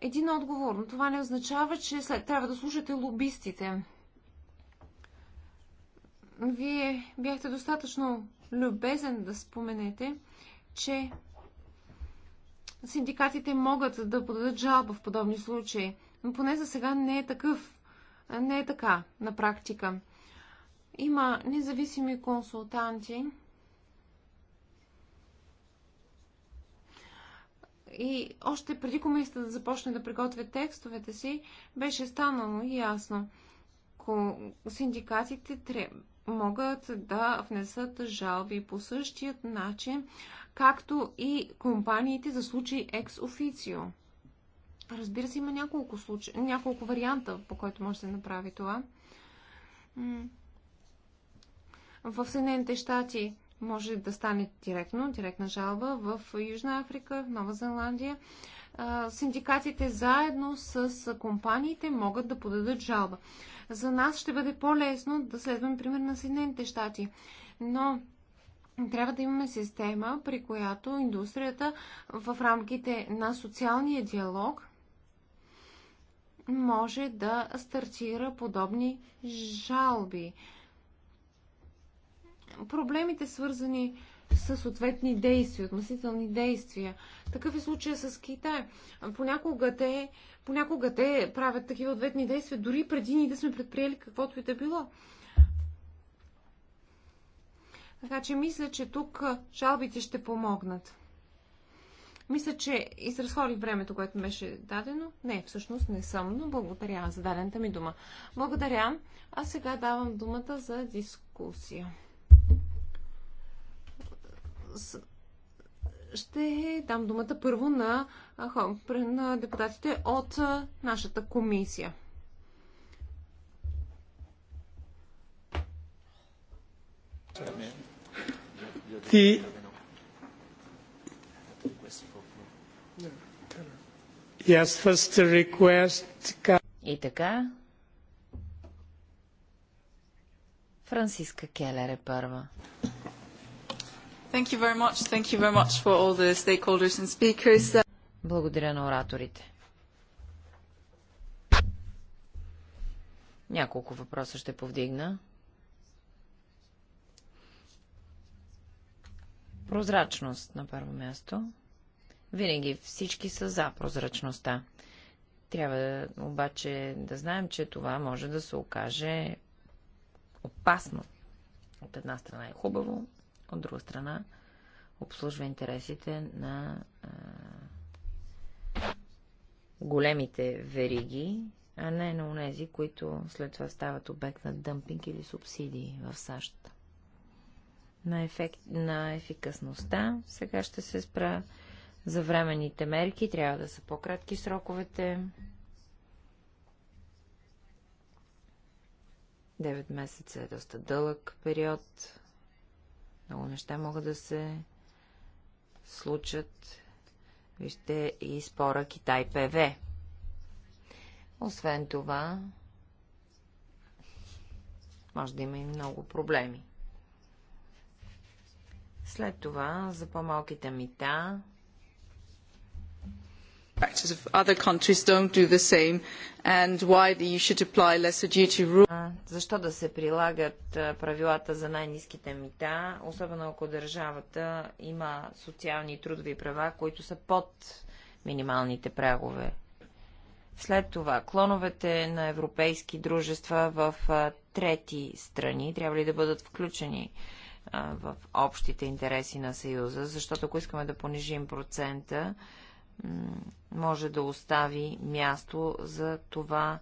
един отговор, но това не означава, че след трябва да слушате лобистите. Вие бяхте достатъчно любезен да споменете, че синдикатите могат да подадат жалба в подобни случаи, но поне за сега не е такъв. Не е така на практика. Има независими консултанти и още преди комисията да започне да приготвя текстовете си, беше станало ясно. Синдикатите могат да внесат жалби по същият начин, както и компаниите за случай екс-официо. Разбира се, има няколко, случ... няколко варианта, по който може да се направи това. В Съединените щати може да стане директно, директна жалба в Южна Африка, в Нова Зеландия. Синдикатите заедно с компаниите могат да подадат жалба. За нас ще бъде по-лесно да следваме пример на Съединените щати. Но трябва да имаме система, при която индустрията в рамките на социалния диалог може да стартира подобни жалби проблемите свързани с съответни действия, относителни действия. Такъв е случая с Китай. Понякога те, понякога те правят такива ответни действия, дори преди ни да сме предприели каквото и да било. Така че мисля, че тук жалбите ще помогнат. Мисля, че изразходих времето, което беше дадено. Не, всъщност не съм, но благодаря за дадената ми дума. Благодаря. А сега давам думата за дискусия ще дам думата първо на, на депутатите от нашата комисия. Ти... И така, Франциска Келер е първа. Thank you very much. Thank you very much for all the stakeholders and speakers. Благодаря на ораторите. Няколко въпроса ще повдигна. Прозрачност на първо място. Винаги всички са за прозрачността. Трябва обаче да знаем, че това може да се окаже опасно. От една страна е хубаво, от друга страна обслужва интересите на а, големите вериги, а не на унези, които след това стават обект на дъмпинг или субсидии в САЩ. На, ефект, на ефикасността сега ще се спра за временните мерки. Трябва да са по-кратки сроковете. 9 месеца е доста дълъг период. Много неща могат да се случат. Вижте и спора Китай-ПВ. Освен това, може да има и много проблеми. След това за по-малките мита practice of other countries don't do the same and why the EU should apply lesser duty rule. Защо да се прилагат правилата за най-низките мита, особено ако държавата има социални и трудови права, които са под минималните прагове? След това, клоновете на европейски дружества в трети страни трябва ли да бъдат включени? в общите интереси на Съюза, защото ако искаме да понижим процента, може да остави място за това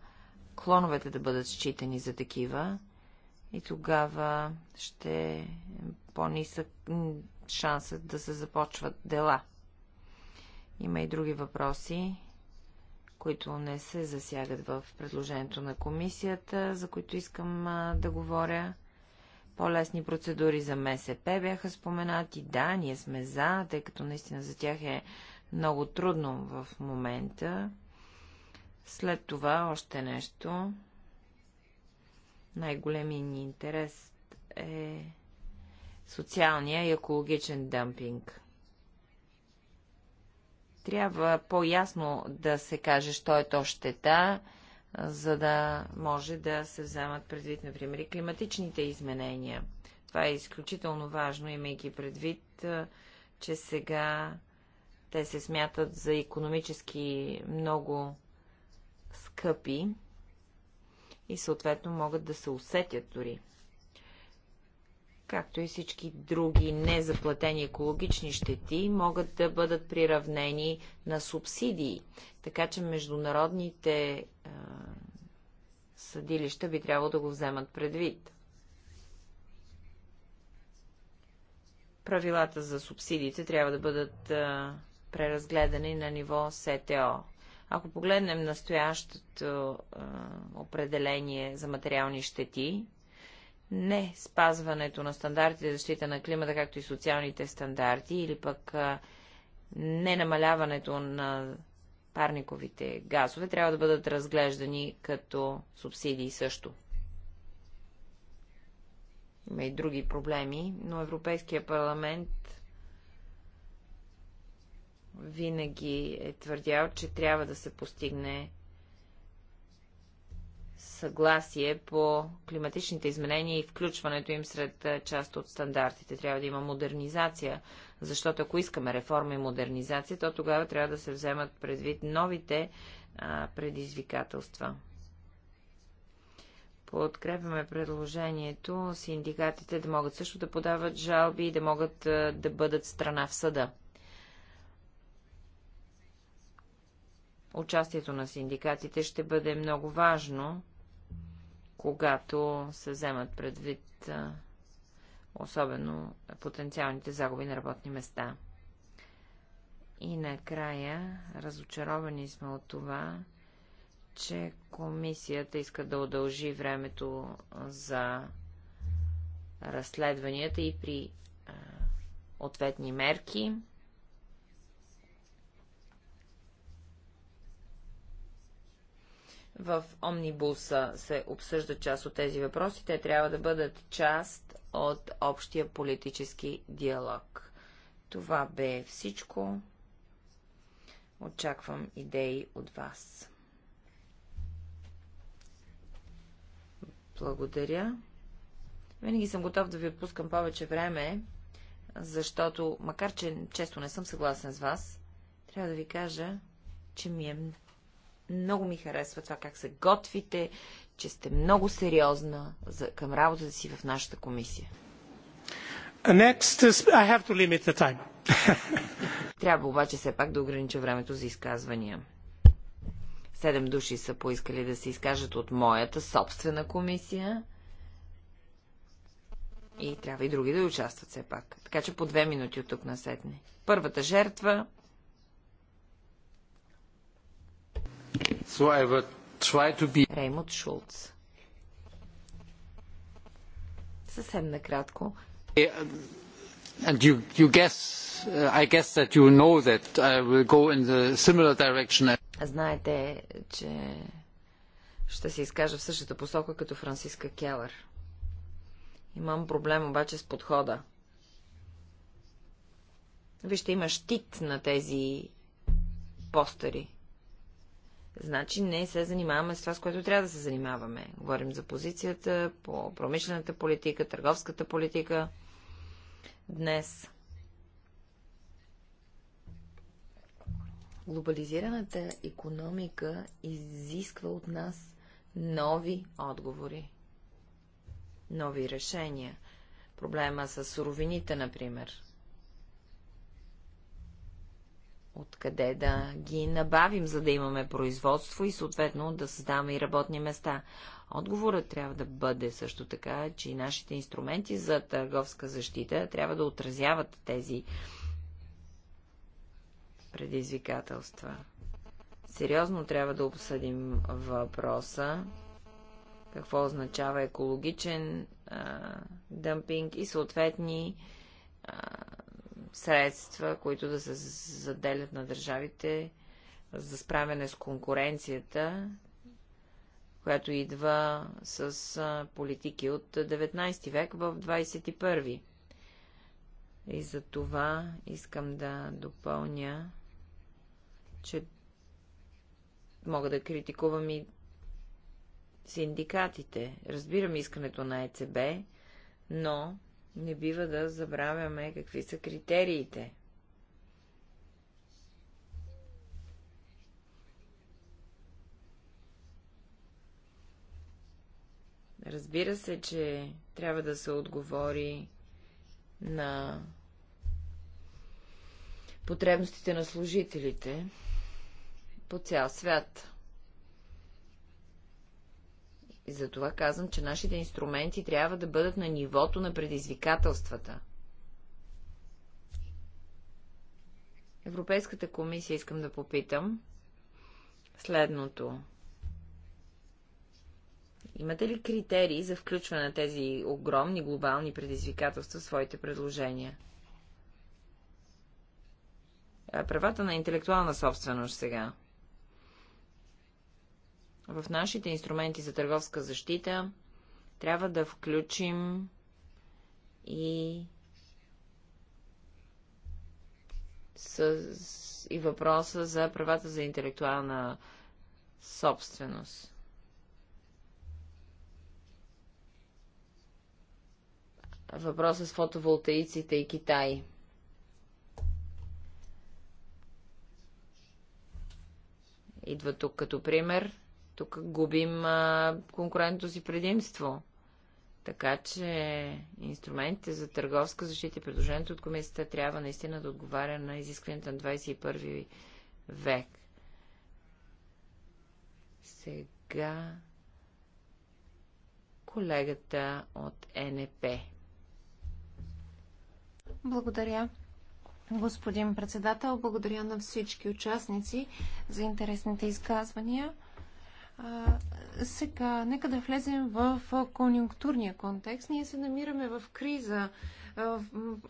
клоновете да бъдат считани за такива и тогава ще е по-нисък шансът да се започват дела. Има и други въпроси, които не се засягат в предложението на комисията, за които искам да говоря. По-лесни процедури за МСП бяха споменати. Да, ние сме за, тъй като наистина за тях е много трудно в момента. След това още нещо. Най-големият ни интерес е социалния и екологичен дъмпинг. Трябва по-ясно да се каже, що е то щета, за да може да се вземат предвид, например, и климатичните изменения. Това е изключително важно, имайки предвид, че сега те се смятат за економически много скъпи и съответно могат да се усетят дори. Както и всички други незаплатени екологични щети могат да бъдат приравнени на субсидии. Така че международните е, съдилища би трябвало да го вземат предвид. Правилата за субсидиите трябва да бъдат Е, преразгледани на ниво СТО. Ако погледнем настоящото определение за материални щети, не спазването на стандартите за защита на климата, както и социалните стандарти, или пък не намаляването на парниковите газове, трябва да бъдат разглеждани като субсидии също. Има и други проблеми, но Европейския парламент винаги е твърдял, че трябва да се постигне съгласие по климатичните изменения и включването им сред част от стандартите. Трябва да има модернизация, защото ако искаме реформа и модернизация, то тогава трябва да се вземат предвид новите а, предизвикателства. Подкрепяме предложението синдикатите да могат също да подават жалби и да могат а, да бъдат страна в съда. Участието на синдикатите ще бъде много важно, когато се вземат предвид особено потенциалните загуби на работни места. И накрая разочаровани сме от това, че комисията иска да удължи времето за разследванията и при ответни мерки. В Омнибуса се обсъждат част от тези въпроси. Те трябва да бъдат част от общия политически диалог. Това бе всичко. Очаквам идеи от вас. Благодаря. Винаги съм готов да ви отпускам повече време, защото, макар че често не съм съгласен с вас, трябва да ви кажа, че ми е много ми харесва това как се готвите, че сте много сериозна за, към работата си в нашата комисия. Next, uh, I have to limit the time. Трябва обаче все пак да огранича времето за изказвания. Седем души са поискали да се изкажат от моята собствена комисия. И трябва и други да участват все пак. Така че по две минути от тук на седне. Първата жертва So be... Реймут Шулц. Съвсем накратко. Е, and you, you guess, uh, I guess that you know that I will go in the similar direction. Знаете, че ще се изкажа в същата посока като Франциска Келър. Имам проблем обаче с подхода. Вижте, има щит на тези постери. Значи не се занимаваме с това, с което трябва да се занимаваме. Говорим за позицията, по промишлената политика, търговската политика днес. Глобализираната економика изисква от нас нови отговори, нови решения. Проблема с суровините, например. откъде да ги набавим, за да имаме производство и съответно да създаваме и работни места. Отговорът трябва да бъде също така, че и нашите инструменти за търговска защита трябва да отразяват тези предизвикателства. Сериозно трябва да обсъдим въпроса какво означава екологичен а, дъмпинг и съответни а, средства, които да се заделят на държавите за справяне с конкуренцията, която идва с политики от 19 век в 21. И за това искам да допълня, че мога да критикувам и синдикатите. Разбирам искането на ЕЦБ, но не бива да забравяме какви са критериите. Разбира се, че трябва да се отговори на потребностите на служителите по цял свят. И затова казвам, че нашите инструменти трябва да бъдат на нивото на предизвикателствата. Европейската комисия искам да попитам следното. Имате ли критерии за включване на тези огромни глобални предизвикателства в своите предложения? Правата на интелектуална собственост сега. В нашите инструменти за търговска защита трябва да включим и с, и въпроса за правата за интелектуална собственост. Въпроса с фотоволтаиците и Китай. Идва тук като пример. Тук губим конкурентното си предимство. Така че инструментите за търговска защита и предложението от комисията трябва наистина да отговаря на изискването на 21 век. Сега колегата от НП. Благодаря, господин председател. Благодаря на всички участници за интересните изказвания. А, сега, нека да влезем в конюнктурния контекст. Ние се намираме в криза.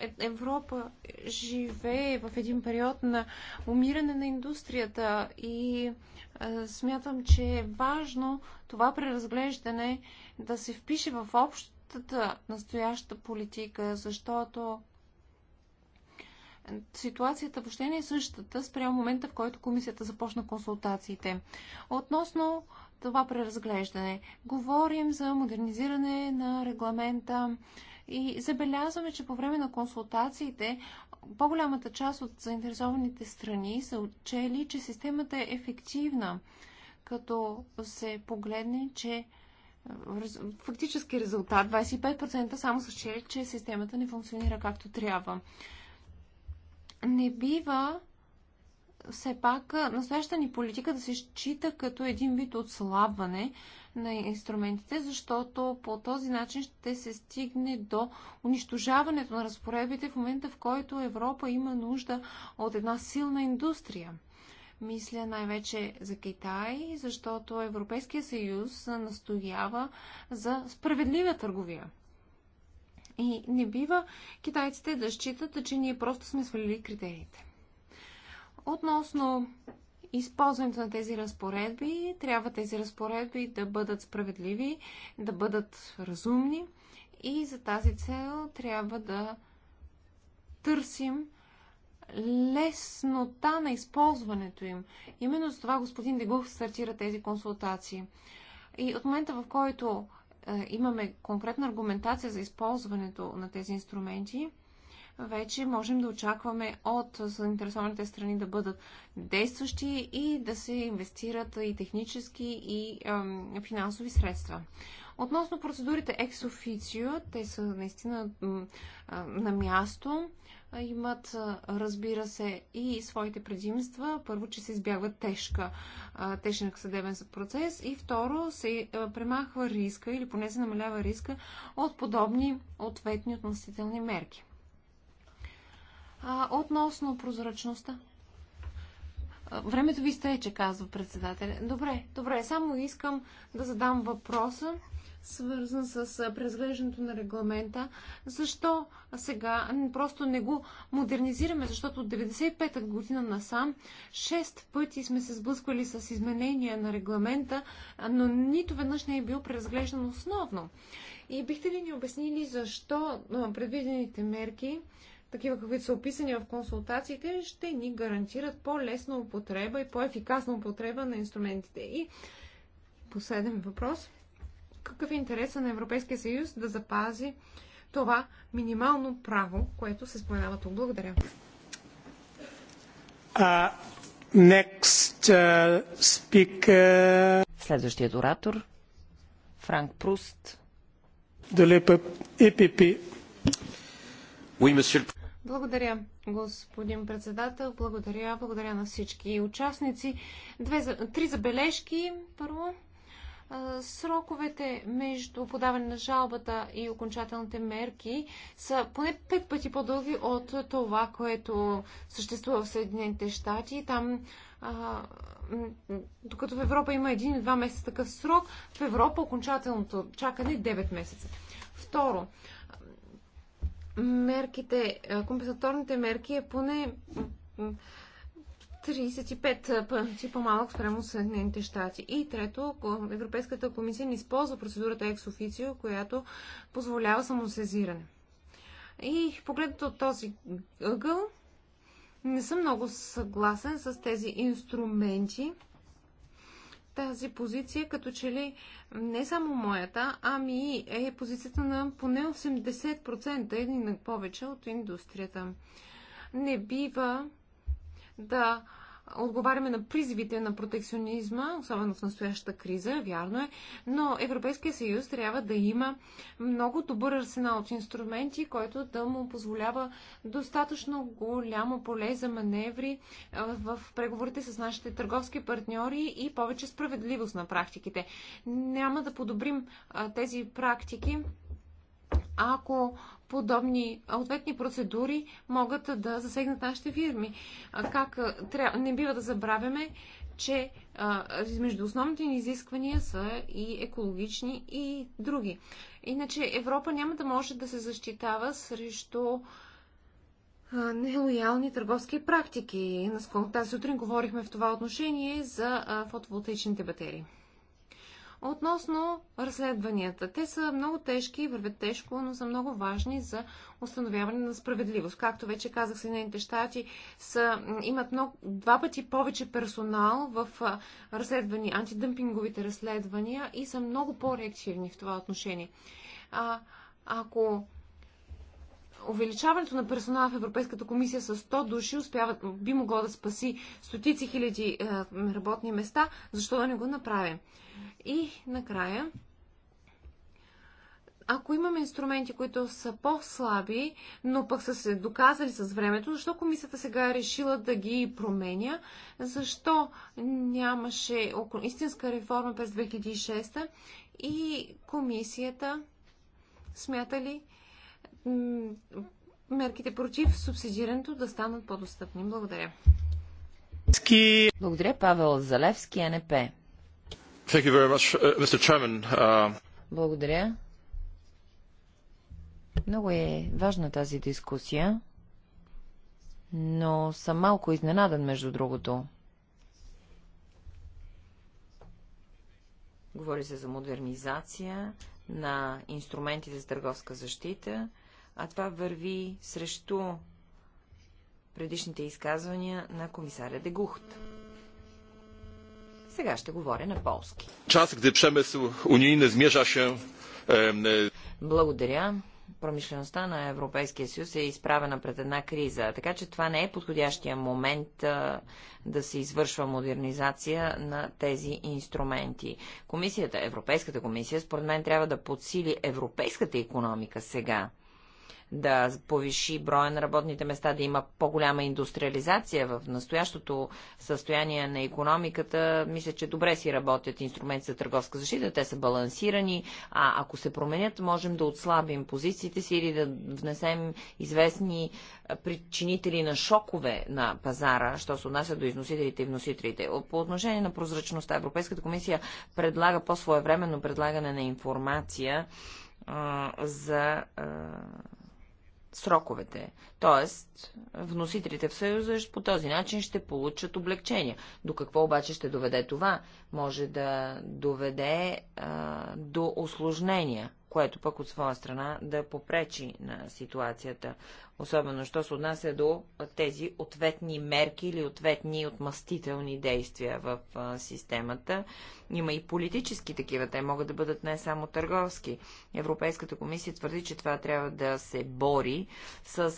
Е, Европа живее в един период на умиране на индустрията и а, смятам, че е важно това преразглеждане да се впише в общата настояща политика, защото ситуацията въобще не е същата спрямо момента, в който комисията започна консултациите. Относно това преразглеждане, говорим за модернизиране на регламента и забелязваме, че по време на консултациите по-голямата част от заинтересованите страни са отчели, че системата е ефективна, като се погледне, че е, фактически резултат 25% само са чели, че системата не функционира както трябва не бива все пак настоящата ни политика да се счита като един вид отслабване на инструментите, защото по този начин ще се стигне до унищожаването на разпоредбите в момента, в който Европа има нужда от една силна индустрия. Мисля най-вече за Китай, защото Европейския съюз настоява за справедлива търговия. И не бива китайците да считат, че ние просто сме свалили критериите. Относно използването на тези разпоредби, трябва тези разпоредби да бъдат справедливи, да бъдат разумни и за тази цел трябва да търсим леснота на използването им. Именно за това господин Дегух стартира тези консултации. И от момента, в който имаме конкретна аргументация за използването на тези инструменти, вече можем да очакваме от заинтересованите страни да бъдат действащи и да се инвестират и технически, и финансови средства. Относно процедурите ex officio, те са наистина на място. Имат, разбира се, и своите предимства. Първо, че се избягва тежка, тежък съдебен процес и второ, се премахва риска или поне се намалява риска от подобни ответни относителни мерки. Относно прозрачността, Времето ви изтече, казва председателя. Добре, добре, само искам да задам въпроса, свързан с преразглеждането на регламента. Защо сега просто не го модернизираме? Защото от 95-та година насам 6 пъти сме се сблъсквали с изменения на регламента, но нито веднъж не е бил преразглеждан основно. И бихте ли ни обяснили защо предвидените мерки такива каквито са описани в консултациите, ще ни гарантират по-лесна употреба и по-ефикасна употреба на инструментите. И последен въпрос. Какъв е интереса на Европейския съюз да запази това минимално право, което се споменава тук? Благодаря. Uh, next, uh, speaker... Следващият оратор Франк Пруст. De l'EPP. Е oui, monsieur le благодаря, господин председател. Благодаря, благодаря на всички участници. Две, три забележки. Първо, сроковете между подаване на жалбата и окончателните мерки са поне пет пъти по-дълги от това, което съществува в Съединените щати. Там, докато в Европа има един или два месеца такъв срок, в Европа окончателното чакане е 9 месеца. Второ, мерките, компенсаторните мерки е поне 35 пъти по-малък спрямо Съединените щати. И трето, Европейската комисия не използва процедурата екс официо, която позволява самосезиране. И погледнато от този ъгъл, не съм много съгласен с тези инструменти, тази позиция, като че ли не само моята, ами е позицията на поне 80% или повече от индустрията. Не бива да отговаряме на призивите на протекционизма, особено в настоящата криза, вярно е, но Европейския съюз трябва да има много добър арсенал от инструменти, който да му позволява достатъчно голямо поле за маневри в преговорите с нашите търговски партньори и повече справедливост на практиките. Няма да подобрим тези практики, ако подобни ответни процедури могат да засегнат нашите фирми. Как, трябва, не бива да забравяме, че а, между основните ни изисквания са и екологични и други. Иначе Европа няма да може да се защитава срещу нелоялни търговски практики. Наскоро тази сутрин говорихме в това отношение за фотоволтаичните батерии. Относно разследванията, те са много тежки, вървят тежко, но са много важни за установяване на справедливост. Както вече казах, Съединените щати са, имат много, два пъти повече персонал в разследвания, антидъмпинговите разследвания и са много по-реактивни в това отношение. А, ако увеличаването на персонала в Европейската комисия с 100 души успява, би могло да спаси стотици хиляди е, работни места, защо да не го направим? И накрая, ако имаме инструменти, които са по-слаби, но пък са се доказали с времето, защо комисията сега е решила да ги променя? Защо нямаше истинска реформа през 2006 и комисията смята ли, мерките против субсидирането да станат по-достъпни. Благодаря. Благодаря, Павел Залевски, НП. Uh, uh, Благодаря. Много е важна тази дискусия, но съм малко изненадан, между другото. Говори се за модернизация на инструментите за търговска защита а това върви срещу предишните изказвания на комисаря Дегухт. Сега ще говоря на полски. Час, gdy przemysł unijny змежа се... Благодаря. Промишлеността на Европейския съюз е изправена пред една криза, така че това не е подходящия момент а, да се извършва модернизация на тези инструменти. Комисията, Европейската комисия, според мен трябва да подсили европейската економика сега да повиши броя на работните места, да има по-голяма индустриализация в настоящото състояние на економиката, мисля, че добре си работят инструменти за търговска защита, те са балансирани, а ако се променят, можем да отслабим позициите си или да внесем известни причинители на шокове на пазара, що се отнася до износителите и вносителите. По отношение на прозрачността, Европейската комисия предлага по-своевременно предлагане на информация а, за а, сроковете. Тоест, вносителите в Съюза по този начин ще получат облегчения. До какво обаче ще доведе това? Може да доведе а, до осложнения което пък от своя страна да попречи на ситуацията, особено що се отнася до тези ответни мерки или ответни отмъстителни действия в системата. Има и политически такива, те могат да бъдат не само търговски. Европейската комисия твърди, че това трябва да се бори с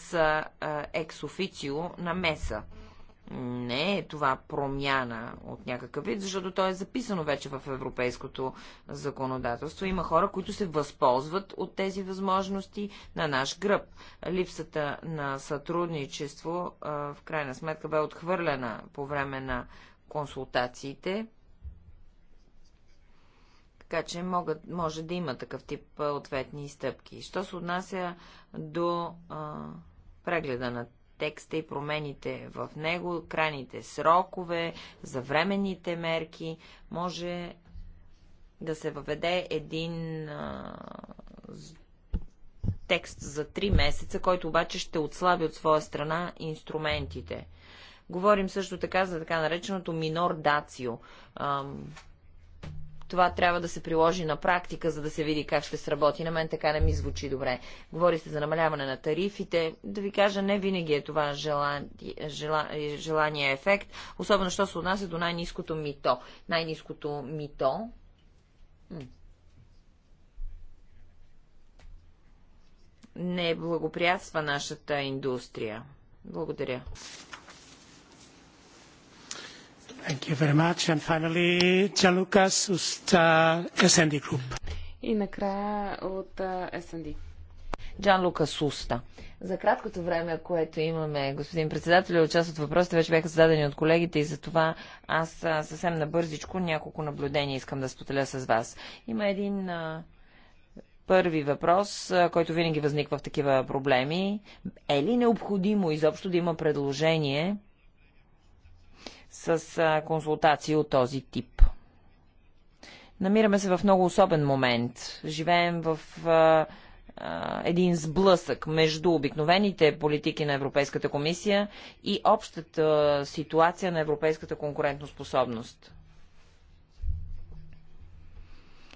ексофицио на меса не е това промяна от някакъв вид, защото то е записано вече в европейското законодателство. Има хора, които се възползват от тези възможности на наш гръб. Липсата на сътрудничество в крайна сметка бе отхвърлена по време на консултациите. Така че могат, може да има такъв тип ответни стъпки. Що се отнася до а, прегледа на текста и промените в него, крайните срокове, за временните мерки, може да се въведе един а, текст за 3 месеца, който обаче ще отслаби от своя страна инструментите. Говорим също така за така нареченото минор дацио това трябва да се приложи на практика, за да се види как ще сработи. На мен така не ми звучи добре. Говори се за намаляване на тарифите. Да ви кажа, не винаги е това желание, желание, ефект, особено що се отнася до най-низкото мито. Най-низкото мито не благоприятства нашата индустрия. Благодаря. Thank you very much. And finally, Gianluca Susta, Group. И накрая от SND. Джан Лука Суста. За краткото време, което имаме, господин председател, част от въпросите вече бяха зададени от колегите и затова аз съвсем набързичко няколко наблюдения искам да споделя с вас. Има един а, първи въпрос, който винаги възниква в такива проблеми. Е ли необходимо изобщо да има предложение с консултации от този тип. Намираме се в много особен момент. Живеем в един сблъсък между обикновените политики на Европейската комисия и общата ситуация на европейската конкурентоспособност.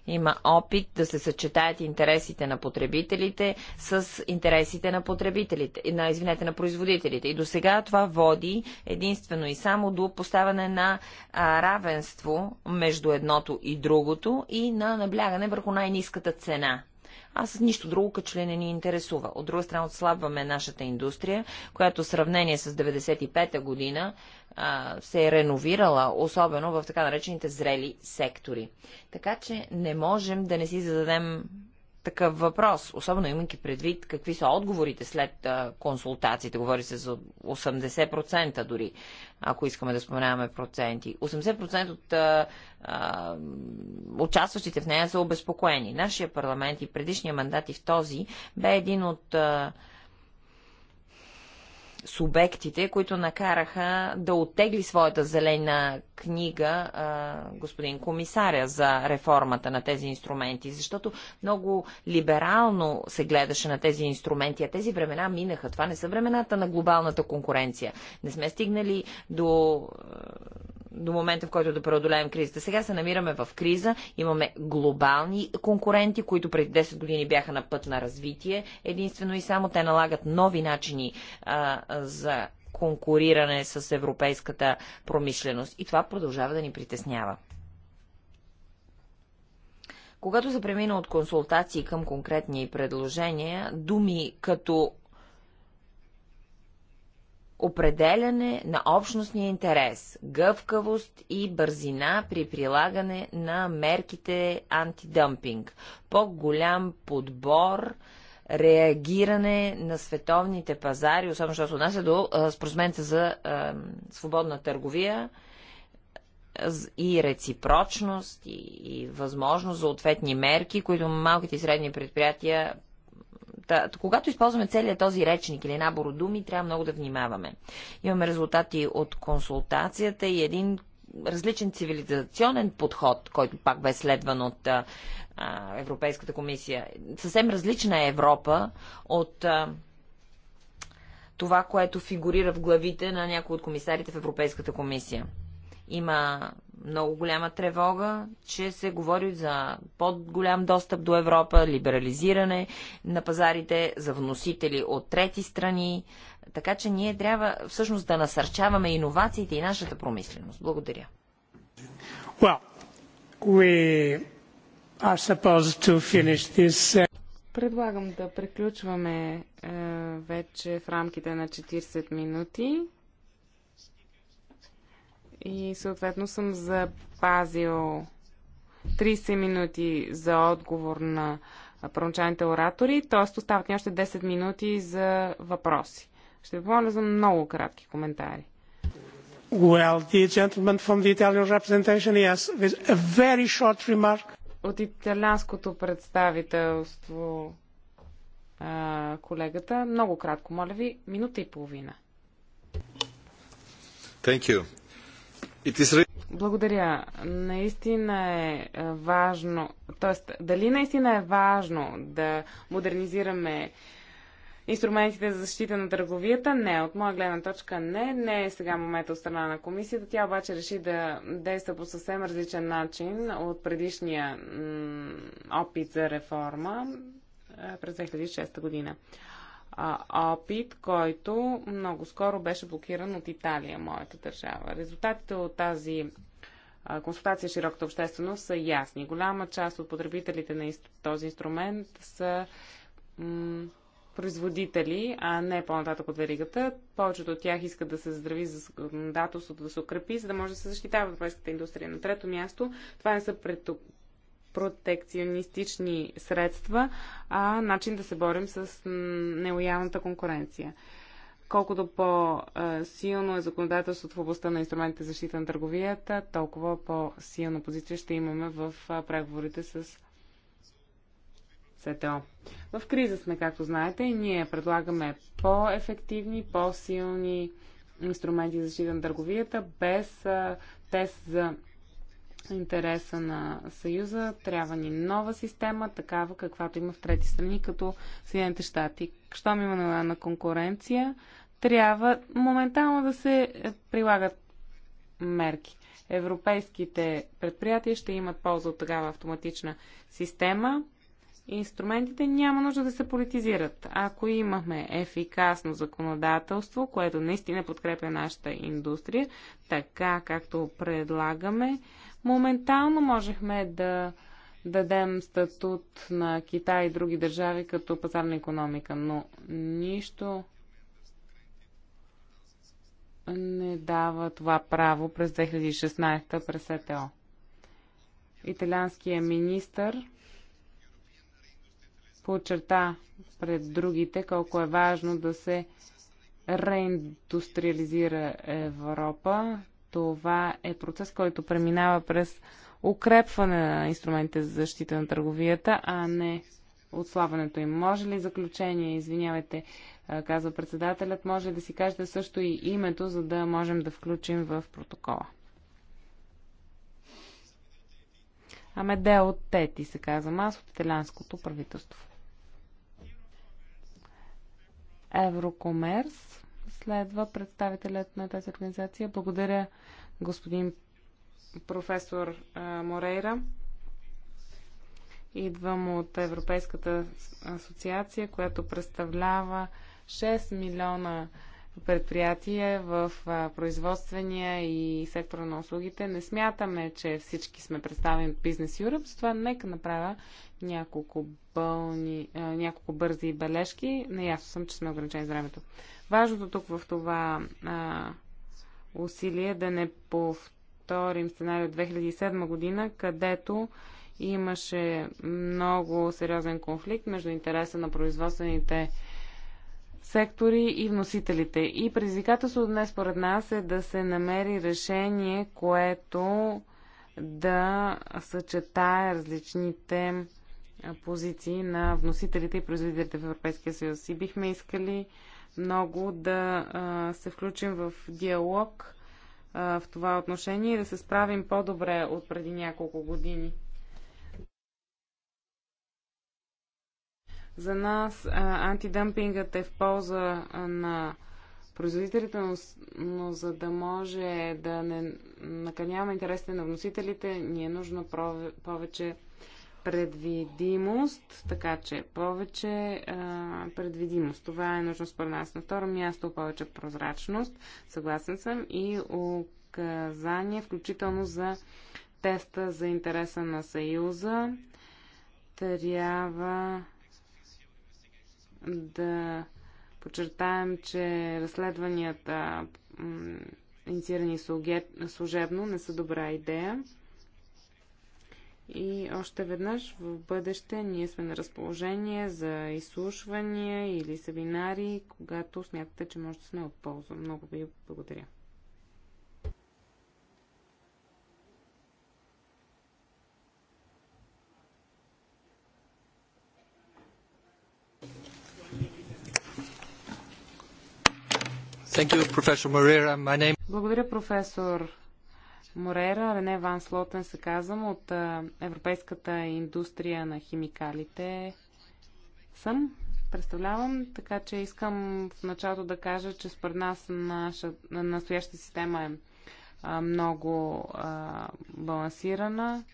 Има опит да се съчетаят интересите на потребителите с интересите на потребителите, на, извинете, на производителите. И до сега това води единствено и само до поставяне на а, равенство между едното и другото и на наблягане върху най-низката цена – а с нищо друго като че не ни интересува. От друга страна отслабваме нашата индустрия, която в сравнение с 95-та година а, се е реновирала, особено в така наречените зрели сектори. Така че не можем да не си зададем такъв въпрос, особено имайки предвид какви са отговорите след а, консултациите. Говори се за 80% дори, ако искаме да споменаваме проценти. 80% от а, а, участващите в нея са обезпокоени. Нашия парламент и предишния мандат и в този бе един от а, субектите, които накараха да оттегли своята зелена книга а, господин комисаря за реформата на тези инструменти, защото много либерално се гледаше на тези инструменти, а тези времена минаха. Това не са времената на глобалната конкуренция. Не сме стигнали до до момента, в който да преодолеем кризата. Сега се намираме в криза, имаме глобални конкуренти, които преди 10 години бяха на път на развитие. Единствено и само те налагат нови начини а, за конкуриране с европейската промишленост. И това продължава да ни притеснява. Когато се премина от консултации към конкретни предложения, думи като определяне на общностния интерес, гъвкавост и бързина при прилагане на мерките антидъмпинг, по-голям подбор, реагиране на световните пазари, особено що се отнася до споразумента за а, свободна търговия и реципрочност и, и възможност за ответни мерки, които малките и средни предприятия Та, когато използваме целият този речник или набор от думи, трябва много да внимаваме. Имаме резултати от консултацията и един различен цивилизационен подход, който пак бе следван от а, Европейската комисия. Съвсем различна е Европа от а, това, което фигурира в главите на някои от комисарите в Европейската комисия. Има много голяма тревога, че се говори за по-голям достъп до Европа, либерализиране на пазарите, за вносители от трети страни. Така че ние трябва всъщност да насърчаваме иновациите и нашата промисленост. Благодаря. Well, we are supposed to finish this. Uh, Предлагам да приключваме е, вече в рамките на 40 минути. И съответно съм запазил 30 минути за отговор на първоначалните оратори, т.е. остават ни още 10 минути за въпроси. Ще ви помоля за много кратки коментари. Well, the gentleman from the Italian representation, yes, with a very short remark. От италианското представителство а, колегата, много кратко, моля ви, минута и половина. Thank you. Благодаря. Наистина е, е важно, т.е. дали наистина е важно да модернизираме инструментите за защита на търговията? Не, от моя гледна точка не. Не е сега момента от страна на комисията. Тя обаче реши да действа по съвсем различен начин от предишния опит за реформа е, през 2006 година а, опит, който много скоро беше блокиран от Италия, моята държава. Резултатите от тази а, консултация широката общественост са ясни. Голяма част от потребителите на този инструмент са производители, а не по-нататък от веригата. Повечето от тях искат да се здрави за законодателството, да се укрепи, за да може да се защитава европейската индустрия. На трето място, това не са протекционистични средства, а начин да се борим с нелоялната конкуренция. Колкото по-силно е законодателството в областта на инструментите за защита на търговията, толкова по-силна позиция ще имаме в преговорите с СТО. В криза сме, както знаете, и ние предлагаме по-ефективни, по-силни инструменти за защита на търговията, без тест за в интереса на Съюза. Трябва ни нова система, такава каквато има в трети страни, като Съединените щати. Щом има на конкуренция, трябва моментално да се прилагат мерки. Европейските предприятия ще имат полза от такава автоматична система. Инструментите няма нужда да се политизират. Ако имахме ефикасно законодателство, което наистина подкрепя нашата индустрия, така както предлагаме, моментално можехме да дадем статут на Китай и други държави като пазарна економика, но нищо не дава това право през 2016 през СТО. Италианският министр подчерта пред другите колко е важно да се реиндустриализира Европа това е процес, който преминава през укрепване на инструментите за защита на търговията, а не отслабването им. Може ли заключение, извинявайте, казва председателят, може ли да си кажете също и името, за да можем да включим в протокола? Амедео Тети се казвам аз от италянското правителство. Еврокомерс Следва представителят на тази организация. Благодаря, господин професор Морейра. Идвам от Европейската асоциация, която представлява 6 милиона предприятия в производствения и сектора на услугите. Не смятаме, че всички сме представени от Business Europe, с това нека направя няколко, бълни, няколко бързи бележки. Наясно съм, че сме ограничени времето. Важното тук в това а, усилие е да не повторим сценарий от 2007 година, където имаше много сериозен конфликт между интереса на производствените сектори и вносителите. И предизвикателството днес според нас е да се намери решение, което да съчетае различните позиции на вносителите и производителите в Европейския съюз. И бихме искали много да а, се включим в диалог а, в това отношение и да се справим по-добре от преди няколко години. За нас а, антидъмпингът е в полза на производителите, но, но за да може да не накъняваме интересите на вносителите, ни е нужно повече предвидимост, така че повече а, предвидимост. Това е нужно според нас. На второ място повече прозрачност, съгласен съм, и указания, включително за теста за интереса на Съюза. Трябва да подчертаем, че разследванията инициирани служебно не са добра идея. И още веднъж в бъдеще ние сме на разположение за изслушвания или семинари, когато смятате, че може да сме от полза. Много ви благодаря. My name... Благодаря, професор Морера, Рене Ван Слотен се казвам, от Европейската индустрия на химикалите съм. Представлявам, така че искам в началото да кажа, че според нас наша, настоящата система е много а, балансирана,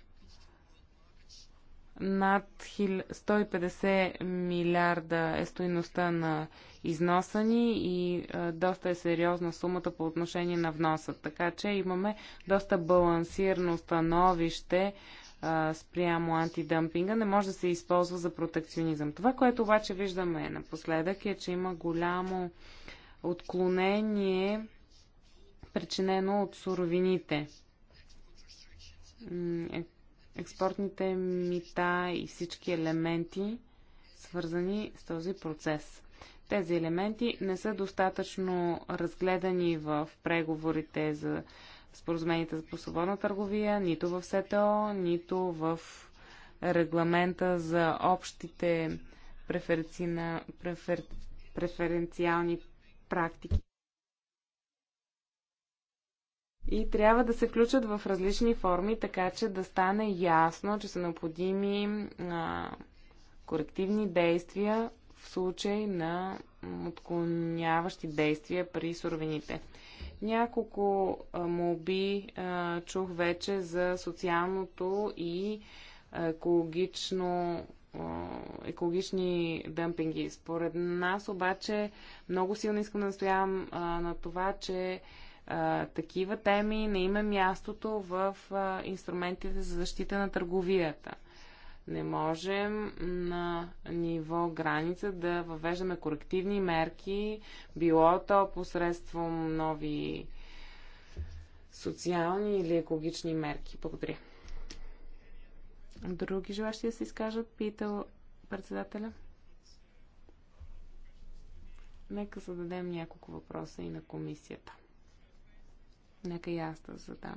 над 150 милиарда е стоиността на износа ни и доста е сериозна сумата по отношение на вноса. Така че имаме доста балансирано становище спрямо антидъмпинга, не може да се използва за протекционизъм. Това, което обаче виждаме напоследък е, че има голямо отклонение, причинено от суровините експортните мита и всички елементи, свързани с този процес. Тези елементи не са достатъчно разгледани в преговорите за споразумените за свободна търговия, нито в СТО, нито в регламента за общите преференци на, префер, преференциални практики и трябва да се включат в различни форми, така че да стане ясно, че са необходими а, корективни действия в случай на отклоняващи действия при суровините. Няколко моби чух вече за социалното и екологично екологични дъмпинги. Според нас обаче много силно искам да настоявам а, на това, че а, такива теми не има е мястото в а, инструментите за защита на търговията. Не можем на ниво граница да въвеждаме корективни мерки, било то посредством нови социални или екологични мерки. Благодаря. Други желащи да се изкажат, питал председателя. Нека зададем няколко въпроса и на комисията. Нека и аз да задам.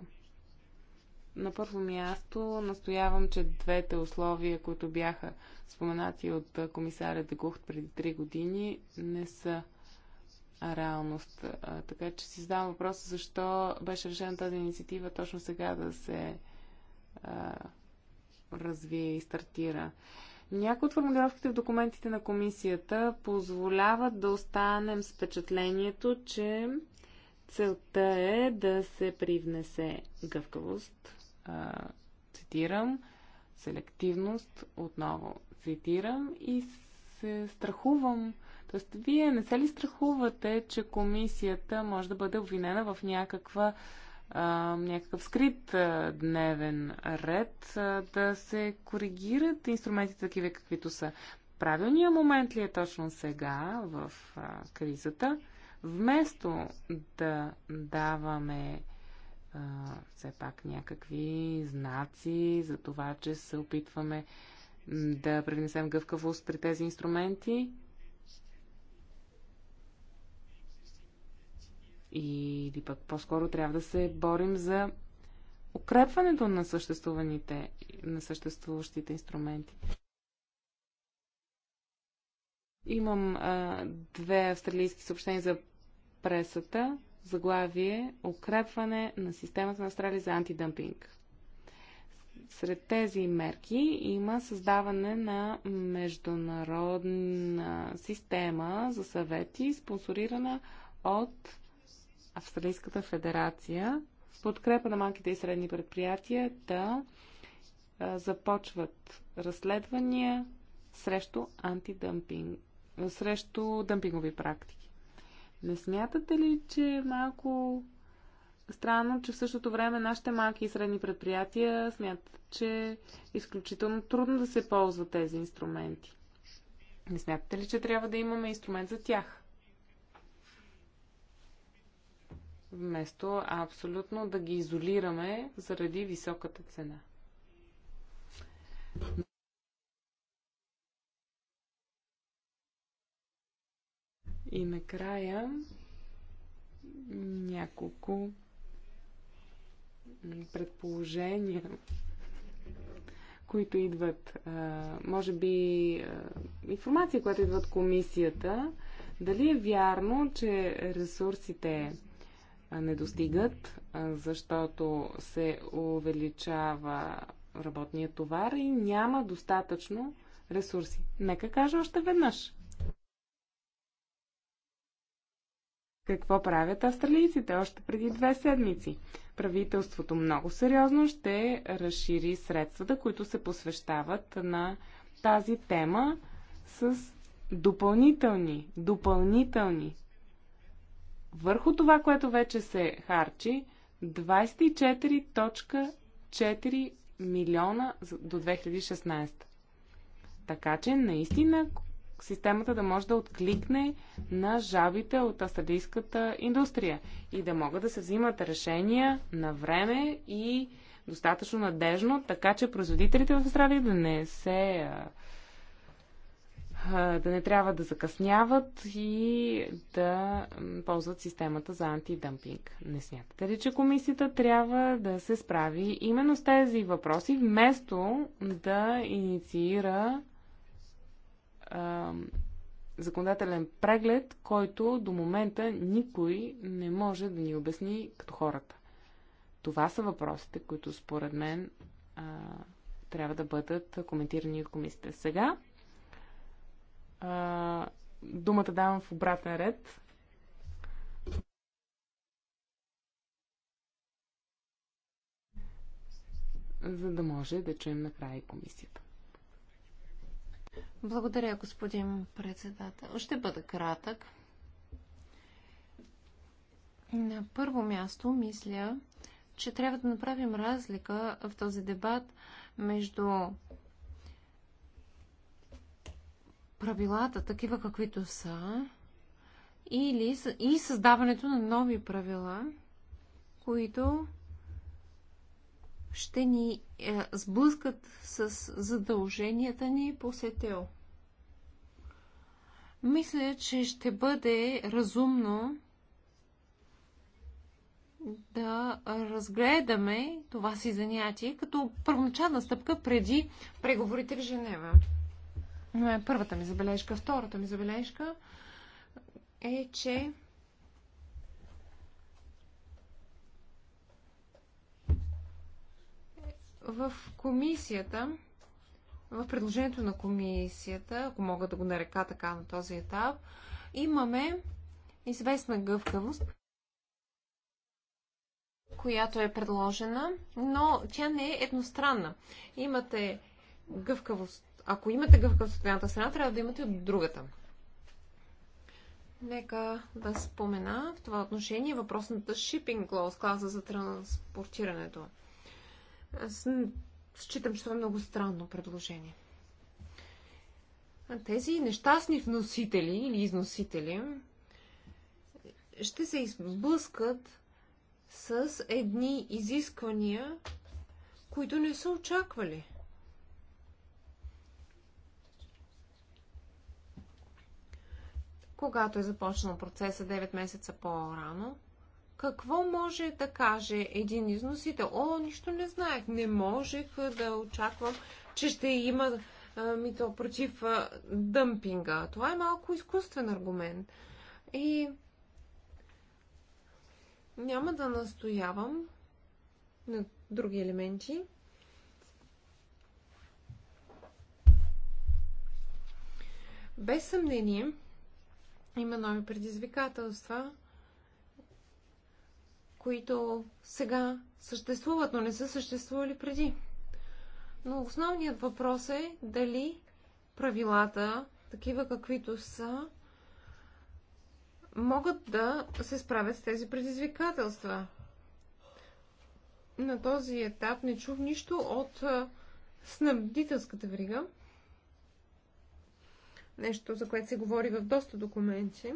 На първо място настоявам, че двете условия, които бяха споменати от комисаря Дегухт преди три години, не са реалност. Така че си задавам въпроса защо беше решена тази инициатива точно сега да се а, развие и стартира. Някои от формулировките в документите на комисията позволяват да останем с впечатлението, че Целта е да се привнесе гъвкавост, а, цитирам, селективност, отново цитирам и се страхувам. Тоест, вие не се ли страхувате, че комисията може да бъде обвинена в някаква а, някакъв скрит а, дневен ред, а, да се коригират инструментите такива, каквито са. Правилният момент ли е точно сега в а, кризата? Вместо да даваме а, все пак някакви знаци за това, че се опитваме да привнесем гъвкавост при тези инструменти, или пък по-скоро трябва да се борим за укрепването на, на съществуващите инструменти. Имам а, две австралийски съобщения за пресата заглавие Укрепване на системата на Австралия за антидъмпинг. Сред тези мерки има създаване на международна система за съвети, спонсорирана от Австралийската федерация в подкрепа на малките и средни предприятия да започват разследвания срещу антидъмпинг, срещу дъмпингови практики. Не смятате ли, че е малко странно, че в същото време нашите малки и средни предприятия смятат, че е изключително трудно да се ползват тези инструменти? Не смятате ли, че трябва да имаме инструмент за тях? Вместо абсолютно да ги изолираме заради високата цена. И накрая няколко предположения, които идват, може би информация, която идва от комисията, дали е вярно, че ресурсите не достигат, защото се увеличава работния товар и няма достатъчно ресурси. Нека кажа още веднъж. Какво правят австралийците още преди две седмици? Правителството много сериозно ще разшири средствата, които се посвещават на тази тема с допълнителни, допълнителни върху това, което вече се харчи, 24.4 милиона до 2016. Така че, наистина, системата да може да откликне на жабите от австралийската индустрия и да могат да се взимат решения на време и достатъчно надежно, така че производителите в Австралия да не се да не трябва да закъсняват и да ползват системата за антидъмпинг. Не смятате ли, че комисията трябва да се справи именно с тези въпроси, вместо да инициира законодателен преглед, който до момента никой не може да ни обясни като хората. Това са въпросите, които според мен а, трябва да бъдат коментирани от комисията. Сега а, думата давам в обратен ред. за да може да чуем направи комисията. Благодаря, господин председател. Ще бъда кратък. На първо място мисля, че трябва да направим разлика в този дебат между правилата, такива каквито са, или, и създаването на нови правила, които ще ни е, сблъскат с задълженията ни по СТО. Мисля, че ще бъде разумно да разгледаме това си занятие като първоначална стъпка преди преговорите в Женева. Но е първата ми забележка. Втората ми забележка е, че В комисията, в предложението на комисията, ако мога да го нарека така на този етап, имаме известна гъвкавост, която е предложена, но тя не е едностранна. Имате гъвкавост. Ако имате гъвкавост от едната страна, трябва да имате от другата. Нека да спомена в това отношение въпросната shipping clause, клауза за транспортирането. Аз считам, че това е много странно предложение. А тези нещастни вносители или износители ще се изблъскат с едни изисквания, които не са очаквали. Когато е започнал процеса 9 месеца по-рано, какво може да каже един износител? О, нищо не знаех. Не можех да очаквам, че ще има мито против дъмпинга. Това е малко изкуствен аргумент. И няма да настоявам на други елементи. Без съмнение, има нови предизвикателства които сега съществуват, но не са съществували преди. Но основният въпрос е дали правилата, такива каквито са, могат да се справят с тези предизвикателства. На този етап не чух нищо от снабдителската врига. Нещо, за което се говори в доста документи.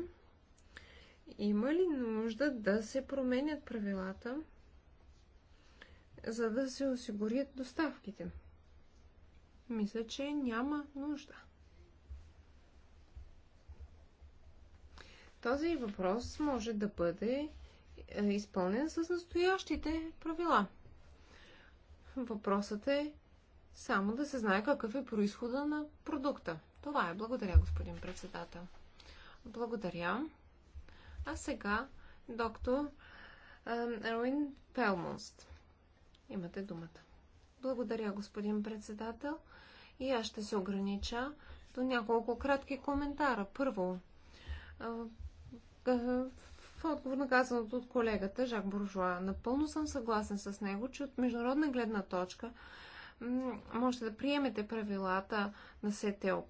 Има ли нужда да се променят правилата, за да се осигурят доставките? Мисля, че няма нужда. Този въпрос може да бъде е, изпълнен с настоящите правила. Въпросът е само да се знае какъв е происхода на продукта. Това е. Благодаря, господин председател. Благодаря. А сега доктор Еруин Пелмонст. Имате думата. Благодаря, господин председател. И аз ще се огранича до няколко кратки коментара. Първо, в отговор на казаното от колегата Жак Буржуа, напълно съм съгласен с него, че от международна гледна точка можете да приемете правилата на СТО+,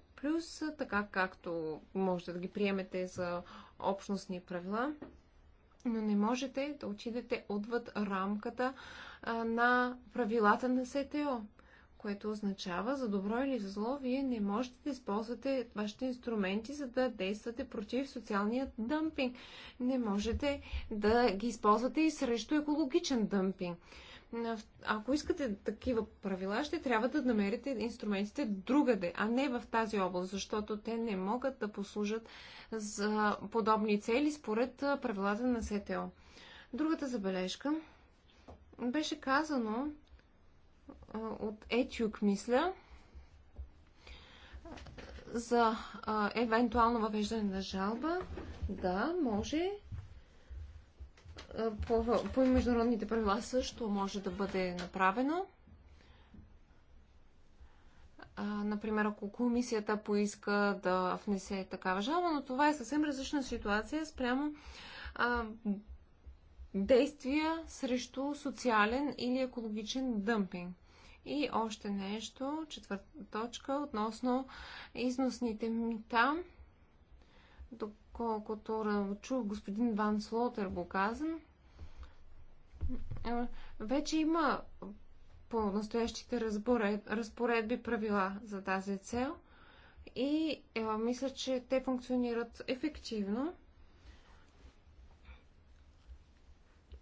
така както можете да ги приемете за общностни правила, но не можете да отидете отвъд рамката на правилата на СТО, което означава за добро или за зло, вие не можете да използвате вашите инструменти, за да действате против социалния дъмпинг. Не можете да ги използвате и срещу екологичен дъмпинг. Ако искате такива правила, ще трябва да намерите инструментите другаде, а не в тази област, защото те не могат да послужат за подобни цели според правилата на СТО. Другата забележка беше казано от Етюк, мисля, за евентуално въвеждане на жалба, да, може е, по, по международните правила също може да бъде направено. А, е, например, ако комисията поиска да внесе такава жалба, но това е съвсем различна ситуация спрямо а, действия срещу социален или екологичен дъмпинг. И още нещо, четвърта точка, относно износните мита колкото чух господин Ван Слотер го каза, е, вече има по настоящите разпоредби правила за тази цел и е, мисля, че те функционират ефективно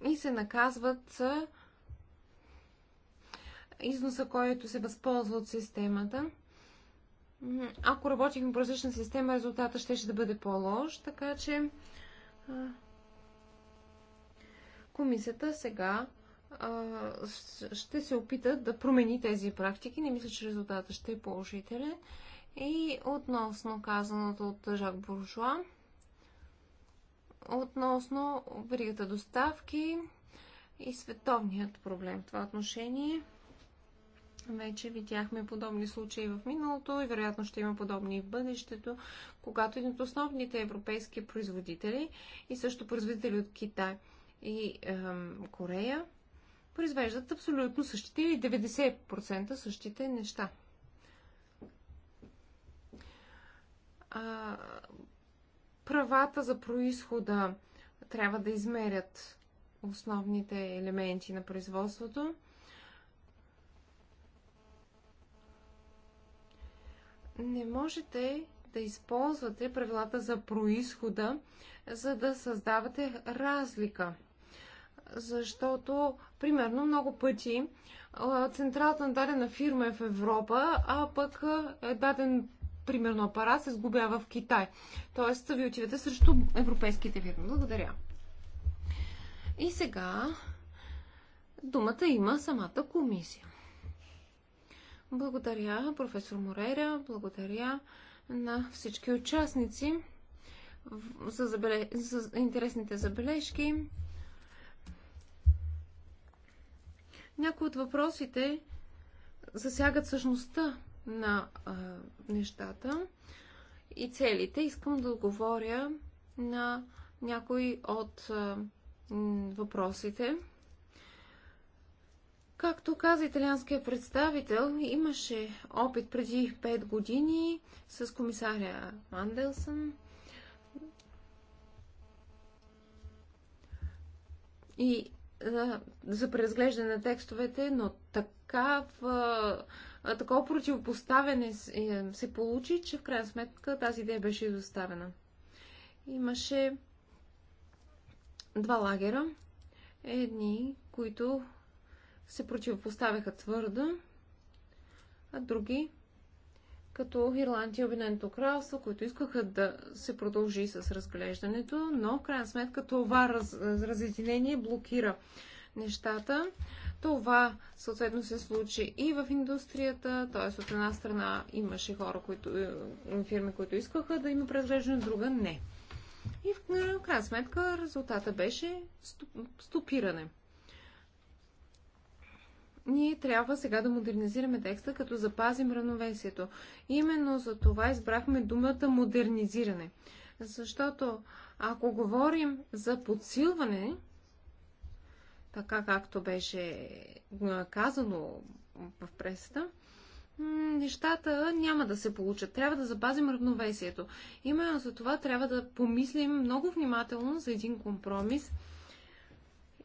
и се наказват износа, който се възползва от системата ако работихме по различна система, резултата ще, ще да бъде по-лош, така че комисията сега ще се опита да промени тези практики. Не мисля, че резултата ще е положителен. И относно казаното от Жак Буржуа, относно веригата доставки и световният проблем в това отношение – вече видяхме подобни случаи в миналото и вероятно ще има подобни и в бъдещето, когато един от основните европейски производители и също производители от Китай и ем, Корея произвеждат абсолютно същите или 90% същите неща. А, правата за происхода трябва да измерят основните елементи на производството. не можете да използвате правилата за происхода, за да създавате разлика. Защото, примерно, много пъти централата на дадена фирма е в Европа, а пък даден примерно апарат се сгубява в Китай. Тоест, ви отивате срещу европейските фирми. Благодаря. И сега думата има самата комисия. Благодаря, професор Морера. Благодаря на всички участници за, забеле... за интересните забележки. Някои от въпросите засягат същността на а, нещата и целите. Искам да отговоря на някои от а, въпросите. Както каза италианският представител, имаше опит преди 5 години с комисаря Манделсън. И за, за преразглеждане на текстовете, но такав, такова противопоставяне е, се получи, че в крайна сметка тази идея беше изоставена. Имаше два лагера. Едни, които се противопоставяха твърдо, а други, като Ирландия и Обединеното кралство, които искаха да се продължи с разглеждането, но в крайна сметка това раз, разединение блокира нещата. Това съответно се случи и в индустрията, т.е. от една страна имаше хора, които, е, фирми, които искаха да има преразглеждане, друга не. И в крайна сметка резултата беше стопиране ние трябва сега да модернизираме текста, като запазим равновесието. Именно за това избрахме думата модернизиране. Защото ако говорим за подсилване, така както беше казано в пресата, нещата няма да се получат. Трябва да запазим равновесието. Именно за това трябва да помислим много внимателно за един компромис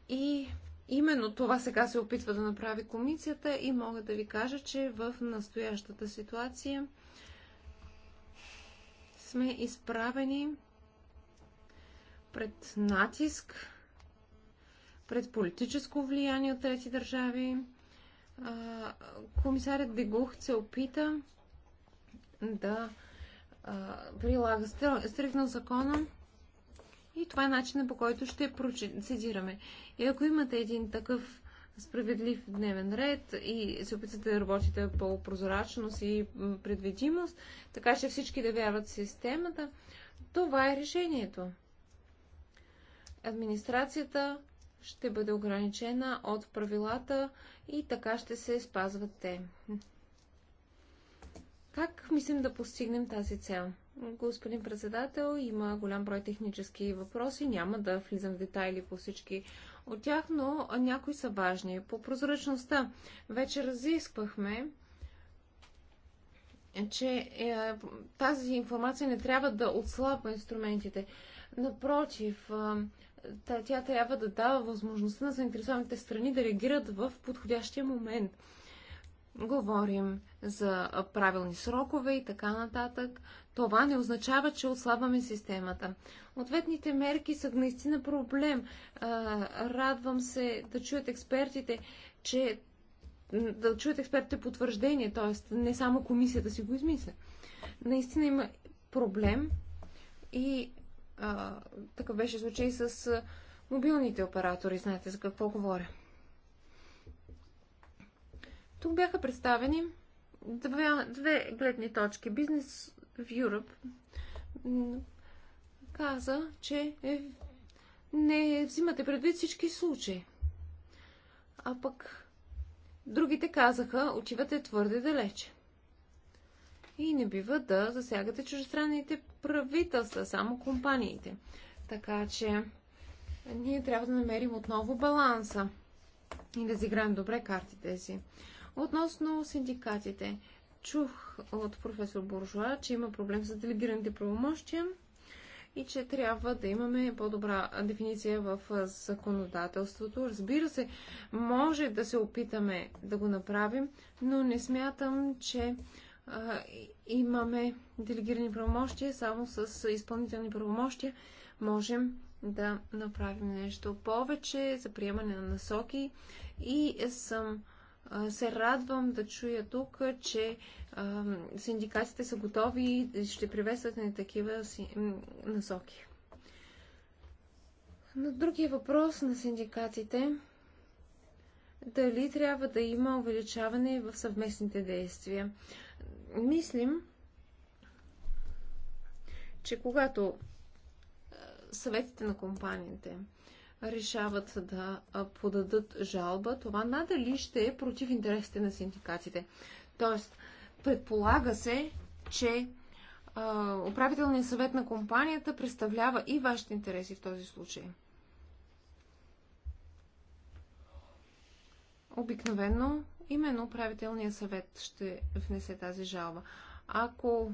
и Именно това сега се опитва да направи комисията и мога да ви кажа, че в настоящата ситуация сме изправени пред натиск, пред политическо влияние от трети държави. Комисарят Дегух се опита да прилага стрикно закона и това е начинът по който ще процедираме. И ако имате един такъв справедлив дневен ред и се опитате да работите по прозрачност и предвидимост, така че всички да вярват в системата, това е решението. Администрацията ще бъде ограничена от правилата и така ще се спазват те. Как мислим да постигнем тази цел? господин председател. Има голям брой технически въпроси. Няма да влизам в детайли по всички от тях, но някои са важни. По прозрачността вече разисквахме, че е, тази информация не трябва да отслабва инструментите. Напротив, е, тя трябва да дава възможността на заинтересованите страни да реагират в подходящия момент говорим за правилни срокове и така нататък, това не означава, че отслабваме системата. Ответните мерки са наистина проблем. Радвам се да чуят експертите, че да чуят експертите потвърждение, т.е. не само комисията си го измисля. Наистина има проблем и а, така беше случай с мобилните оператори. Знаете за какво говоря. Тук бяха представени две, две гледни точки. Бизнес в Europe каза, че е, не взимате предвид всички случаи. А пък другите казаха, отивате твърде далече. И не бива да засягате чужестранните правителства, само компаниите. Така че ние трябва да намерим отново баланса и да изиграем добре картите си. Относно синдикатите чух от професор Буржуа, че има проблем с делегираните правомощия и че трябва да имаме по-добра дефиниция в законодателството. Разбира се, може да се опитаме да го направим, но не смятам, че а, имаме делегирани правомощия, само с изпълнителни правомощия можем да направим нещо повече за приемане на насоки и съм се радвам да чуя тук, че синдикатите са готови и ще приветстват на такива насоки. На другия въпрос на синдикатите дали трябва да има увеличаване в съвместните действия. Мислим, че когато съветите на компаниите решават да подадат жалба, това надали ще е против интересите на синдикатите. Тоест, предполага се, че управителният съвет на компанията представлява и вашите интереси в този случай. Обикновено именно управителният съвет ще внесе тази жалба. Ако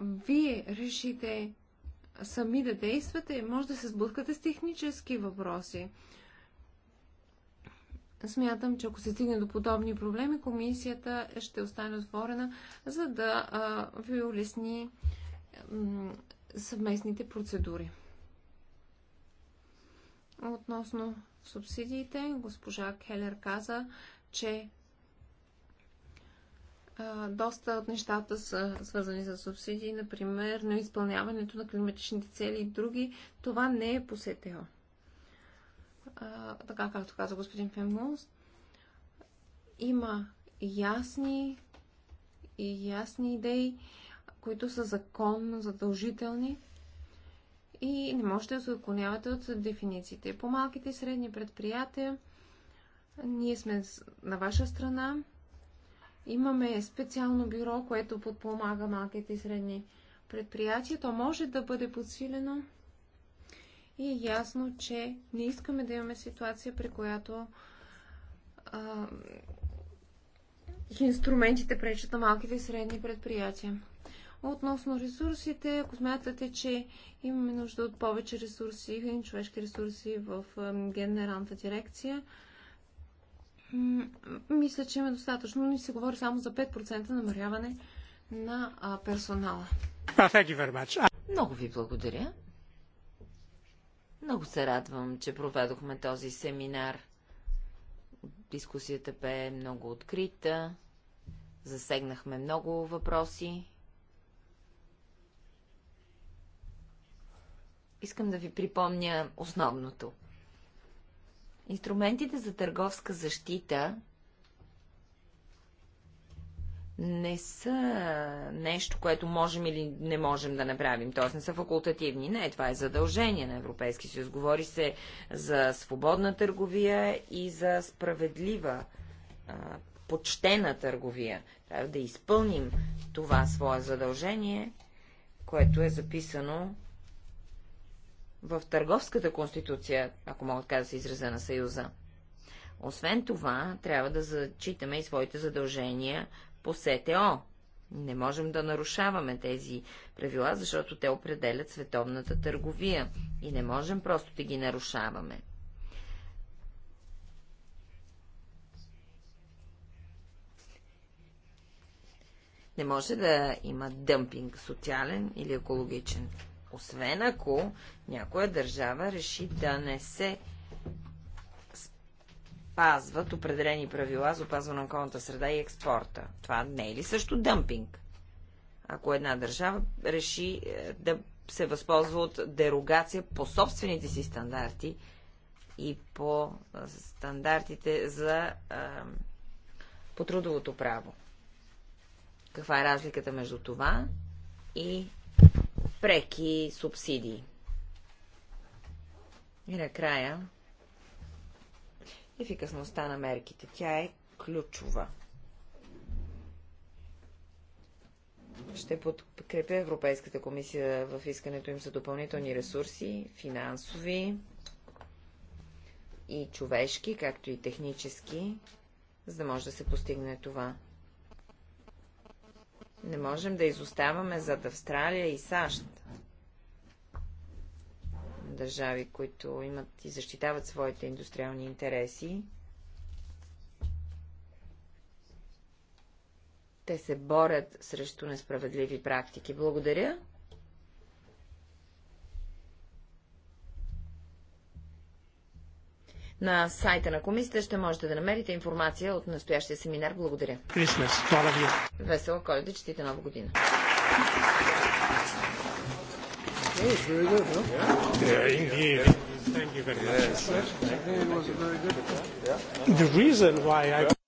вие решите сами да действате, може да се сблъскате с технически въпроси. Смятам, че ако се стигне до подобни проблеми, комисията ще остане отворена, за да а, ви улесни съвместните процедури. Относно субсидиите, госпожа Келер каза, че доста от нещата са свързани с субсидии, например, на изпълняването на климатичните цели и други. Това не е по СТО. Така както каза господин Фемлоус, има ясни и ясни идеи, които са законно задължителни и не можете да се отклонявате от дефинициите. По малките и средни предприятия ние сме на ваша страна имаме специално бюро, което подпомага малките и средни предприятия. То може да бъде подсилено и е ясно, че не искаме да имаме ситуация, при която а, инструментите пречат на малките и средни предприятия. Относно ресурсите, ако смятате, че имаме нужда от повече ресурси, човешки ресурси в генералната дирекция, мисля, че има достатъчно. Ни се говори само за 5% намаряване на персонала. Ah, ah. Много ви благодаря. Много се радвам, че проведохме този семинар. Дискусията бе много открита. Засегнахме много въпроси. Искам да ви припомня основното. Инструментите за търговска защита не са нещо, което можем или не можем да направим, т.е. не са факултативни. Не, това е задължение на Европейски съюз. Говори се за свободна търговия и за справедлива, почтена търговия. Трябва да изпълним това свое задължение, което е записано в търговската конституция, ако мога така да се изразя на Съюза. Освен това, трябва да зачитаме и своите задължения по СТО. Не можем да нарушаваме тези правила, защото те определят световната търговия и не можем просто да ги нарушаваме. Не може да има дъмпинг социален или екологичен. Освен ако някоя държава реши да не се спазват определени правила за опазване на околната среда и експорта. Това не е ли също дъмпинг? Ако една държава реши е, да се възползва от дерогация по собствените си стандарти и по стандартите за по трудовото право. Каква е разликата между това и преки субсидии. И накрая ефикасността на мерките. Тя е ключова. Ще подкрепя Европейската комисия в искането им за допълнителни ресурси, финансови и човешки, както и технически, за да може да се постигне това. Не можем да изоставаме зад Австралия и САЩ. Държави, които имат и защитават своите индустриални интереси. Те се борят срещу несправедливи практики. Благодаря. На сайта на комисията ще можете да намерите информация от настоящия семинар. Благодаря. Christmas, to Весело коледа, четите нова година. The reason why I